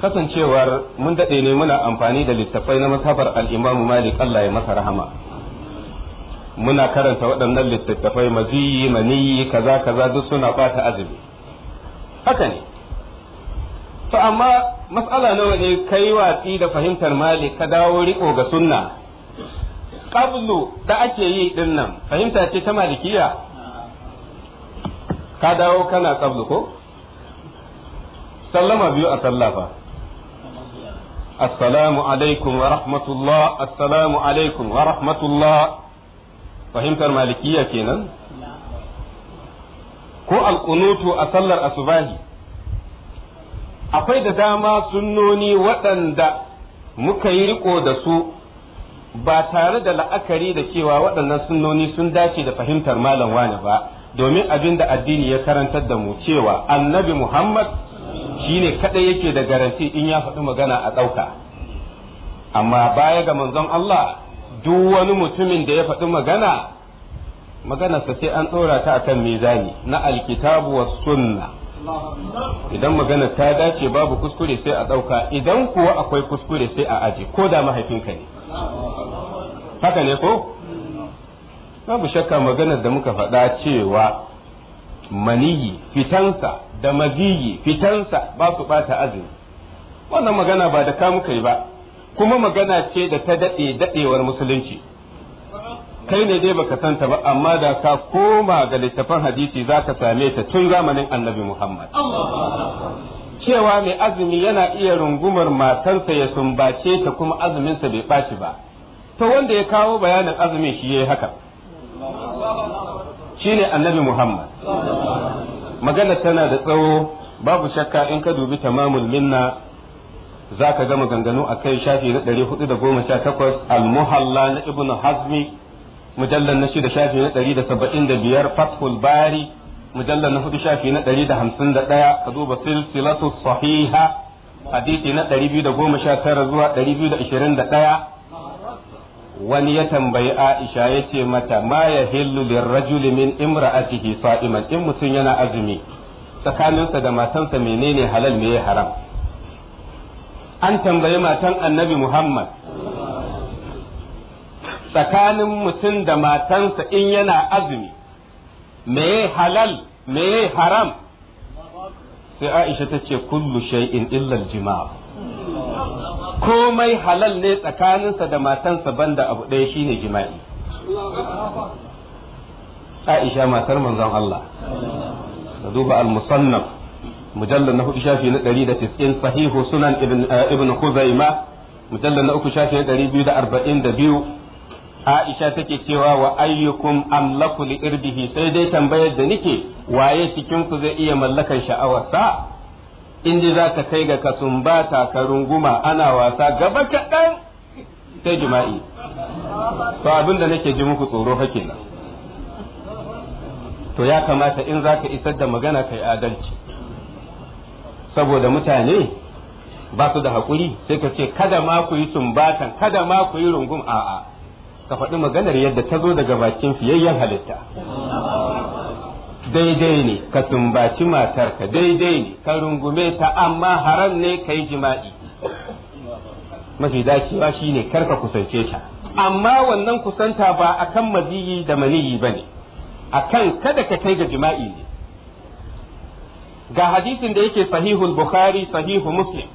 kasancewar mun daɗe ne muna amfani da littattafai na masabar al'imamu malik Allah ya masa rahama muna karanta waɗannan littattafai maziyi maniyi kaza kaza duk suna bata azumi haka ne to amma mas'ala nawa ne kai watsi da fahimtar malik ka dawo riko ga sunna qablu da ake yi din nan fahimta ce ta malikiya ka dawo kana qablu ko sallama biyu a sallafa assalamu alaikum wa rahmatullah assalamu alaikum wa rahmatullah fahimtar malikiya kenan ko alqunutu a sallar asubahi akwai da dama sunnoni waɗanda muka yi riko da su ba tare da la'akari da cewa waɗannan sunnoni sun dace da fahimtar malam wani ba domin abin da addini ya karantar da mu cewa annabi muhammad shine kaɗai yake da garanti in ya faɗi magana a ɗauka amma baya ga manzon allah duk wani mutumin da ya faɗi magana maganarsa sai an ɗora ta akan mizani na alkitabu wa sunna idan magana ta dace babu kuskure sai a ɗauka idan kuwa akwai kuskure sai a aji ko da mahaifinka ne haka ne ko babu shakka maganar da muka faɗa cewa maniyi fitansa da maziyi fitansa ba su ɓata azumi wannan magana ba da kamukai ba kuma magana ce da ta daɗe daɗewar musulunci kai ne dai baka santa ba amma da ka koma ga littafin hadisi za ka same ta tun zamanin annabi Muhammad. Cewa mai azumi yana iya rungumar matansa ya sumbace ta kuma azuminsa bai ɓaci ba, to wanda ya kawo bayanin azumin shi ya yi haka. Shi ne annabi Muhammad. Magana tana da tsawo babu shakka in ka dubi tamamul minna za ka ga maganganu a kai shafi na 418 al-muhalla na ibnu hazmi mujallar na shida shafi na ɗari da saba'in da biyar fathul bari mujallar na hudu shafi na ɗari da hamsin da ɗaya ka duba silsilatu sahiha hadisi na ɗari biyu da goma sha tara zuwa ɗari biyu da ishirin da ɗaya wani ya tambayi Aisha ya ce mata ma ya hillu lirrajuli min imra'atihi sa'iman in mutum yana azumi tsakaninsa da matansa menene halal me haram an tambayi matan annabi Muhammad tsakanin mutum da matansa in yana azumi meye halal meye haram sai aisha ta ce kullu shay'in illa jima'a komai halal ne tsakaninsa da matansa banda abu ɗaya shine jima'i aisha matar manzon Allah da duba al-musannaf mujallal na hudu shafi na 190 sahihu sunan ibn eh, ibn khuzaima mujallal na uku shafi na 242 Aisha take cewa wa ayyukum amlaku li irbihi sai dai tambayar da nike waye cikin ku zai iya mallakar sha'awarsa in dai za ka kai ga kasumbata ka runguma ana wasa gaba kaɗan sai jima'i to abin da nake ji muku tsoro fa kenan to ya kamata in za ka isar da magana kai adalci saboda mutane ba su da hakuri, sai ka ce kada ma ku yi sumbatan kada ma ku yi rungum a'a ka faɗi maganar yadda ta zo daga bakin fiyayyen halitta daidai ne ka sumbaci matar ka. daidai ne ka rungume ta amma haram ne ka yi jima'i mafi dacewa shine karka kusance ta amma wannan kusanta ba a kan maziyi da maniyi ba ne A kan kada ka kai ga jima'i ne ga hadisin da yake sahihul bukhari sahihu muslim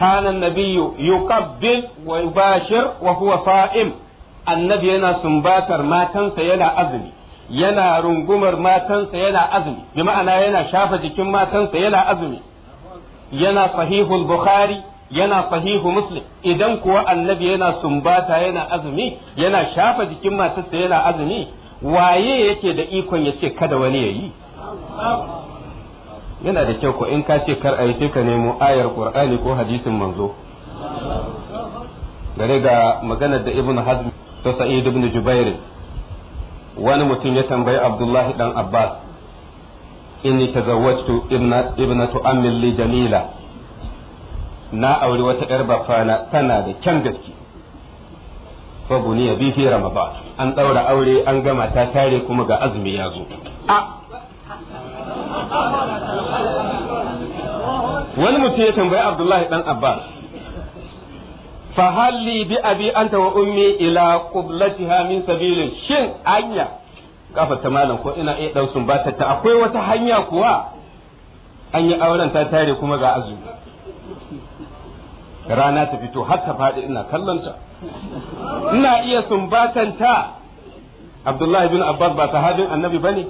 Kanan, Nabiyu, yuqabbil wa yubashir wa huwa sa'im annabi yana sumbatar matansa yana azumi yana rungumar matansa yana azumi bi ma'ana yana shafa jikin matansa yana azumi yana sahihul bukhari yana sahihu muslim idan kuwa annabi yana sumbata yana azumi yana shafa jikin matansa yana azumi waye yake da ikon ya ce kada wani yayi yana da kyau ko in ka ce kar ayi sai ka nemo ayar qur'ani ko hadisin manzo gare ga maganar da ibnu hazm ta sa'id ibn jubair wani mutum ya tambayi abdullahi dan abbas inni tazawwajtu ibnatu ammin li jamila na auri wata yar bafana tana da kyan gaske fa buniya bi fi ramadan an daura aure an gama ta tare kuma ga azumi ya zo a wani mutum ya tambayi abdullahi dan abbas fa halli bi abi anta wa ummi ila qiblatiha min sabilin shin anya kafa ta malam ko ina iya dau sumbatar ta akwai wata hanya kuwa an yi auren ta tare kuma ga azumi rana ta fito har ta faɗi ina kallonta ina iya ta. abdullahi bin abbas ba sahabin annabi bane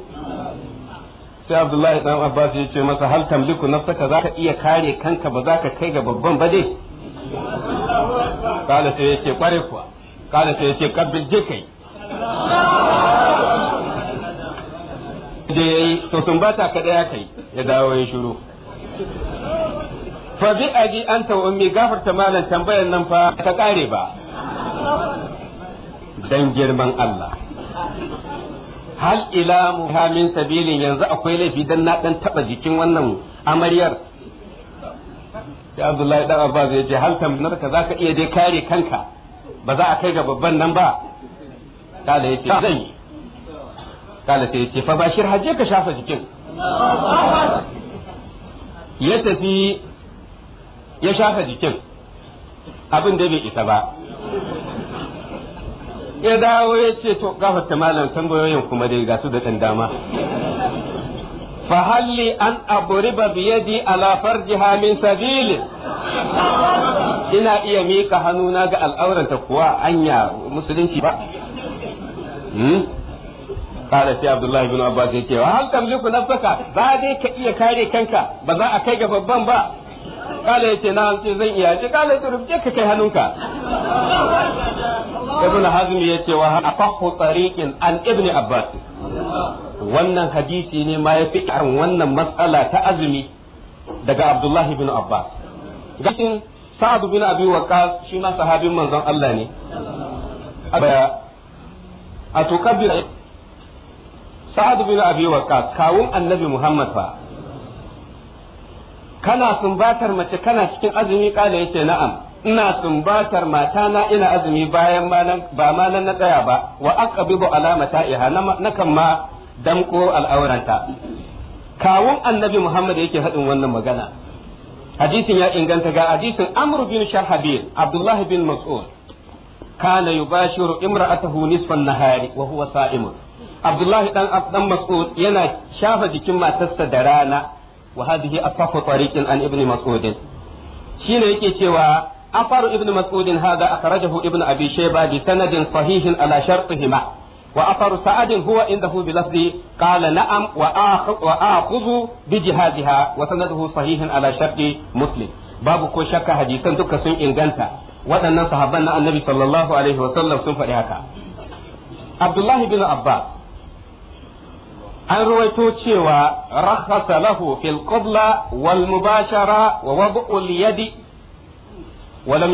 sai abdullahi dan abbas ya ce masa hal tamliku nafsaka zaka iya kare kanka ba zaka kai ga babban ba dai kala sai ce kware kuwa kala sai yace kabbil jikai da yayi to sun bata ka daya kai ya dawo ya shiru fa bi aji anta wa ummi gafarta malan tambayan nan fa ta kare ba dan girman Allah hal ila muhamin sabilin yanzu akwai laifi dan na dan taba jikin wannan amaryar sai abdullahi dan abbas ya ce hal ka zaka iya dai kare kanka ba za a kai ga babban nan ba kala yace zan yi kala sai yace fa bashir haje ka shafa jikin ya tafi ya shafa jikin abin da bai isa ba ya dawo ya ce to gafarta malam tambayoyin kuma dai ga su da dan dama fa halli an abriba biyadi ala farjiha min sabili ina iya mika hannuna ga al'auranta kuwa anya musulunci ba kala sai Abdullahi bin Abbas yake wa hal tamliku nafsaka ba dai ka iya kare kanka ba za a kai ga babban ba kala yace na ce zan iya ce kala yace rubuce ka kai hannunka ibn Hazm yace wa afahu an ibni Abbas wannan hadisi ne ma yafi kan wannan matsala ta azumi daga Abdullahi bin Abbas gashin Sa'ad bin Abi Waqqas shi ma sahabin manzon Allah ne a to kabira Sa'ad bin Abi Waqqas kawun Annabi Muhammad fa kana sumbatar mace kana cikin azumi kala yace na'am ina sumbatar matana ina azumi bayan ba malan na tsaya ba wa aqbidu alamata iha na kan ma danko al'auranta kawun annabi Muhammad yake hadin wannan magana hadisin ya inganta ga hadisin Amr bin Shahabil Abdullah bin Mas'ud kana yubashiru imra'atahu nisfan nahari wa huwa sa'im Abdullah dan dan Mas'ud yana shafa jikin matarsa da rana wa hadhihi asafu tariqin an ibni Mas'ud shine yake cewa أثر ابن مسعود هذا أخرجه ابن أبي شيبة بسند صحيح على شرطهما وأثر سعد هو عنده بلفظ قال نعم وآخذ بجهازها وسنده صحيح على شرط مسلم babu ko shakka hadisan duka sun inganta waɗannan sahabban na annabi sallallahu alaihi wasallam sun faɗi haka abdullahi bin Abba an ruwaito cewa rakhasa lahu fil qibla wal mubashara wa wad'u walam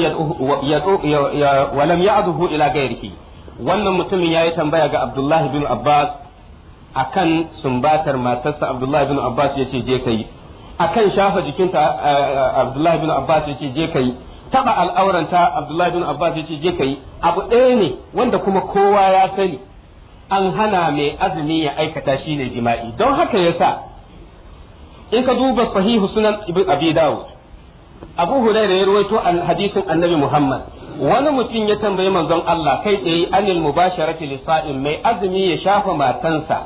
ya'duhu ila غيره wannan mutumin yi tambaya ga Abdullah bin Abbas akan sumbatar matarsa Abdullah bin Abbas yace je kai akan shafa jikinta Abdullah bin Abbas yace je kai taba al'auranta Abdullah bin Abbas yace je kai abu ɗaya ne wanda kuma kowa ya sani an hana mai azumi ya aikata shine jima'i don haka yasa in ka duba sahihu sunan ibn abi dawud abu hulaira ya ruwaito hadisin annabi muhammad wani mutum ya tambayi manzon Allah kai tsaye anil mubasharati lisa'in mai azumi ya shafa matansa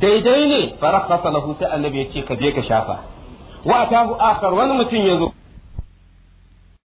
daidai ne farakasa lahu sai annabi ya ce ka je ka shafa wa atahu akhar wani mutum ya zo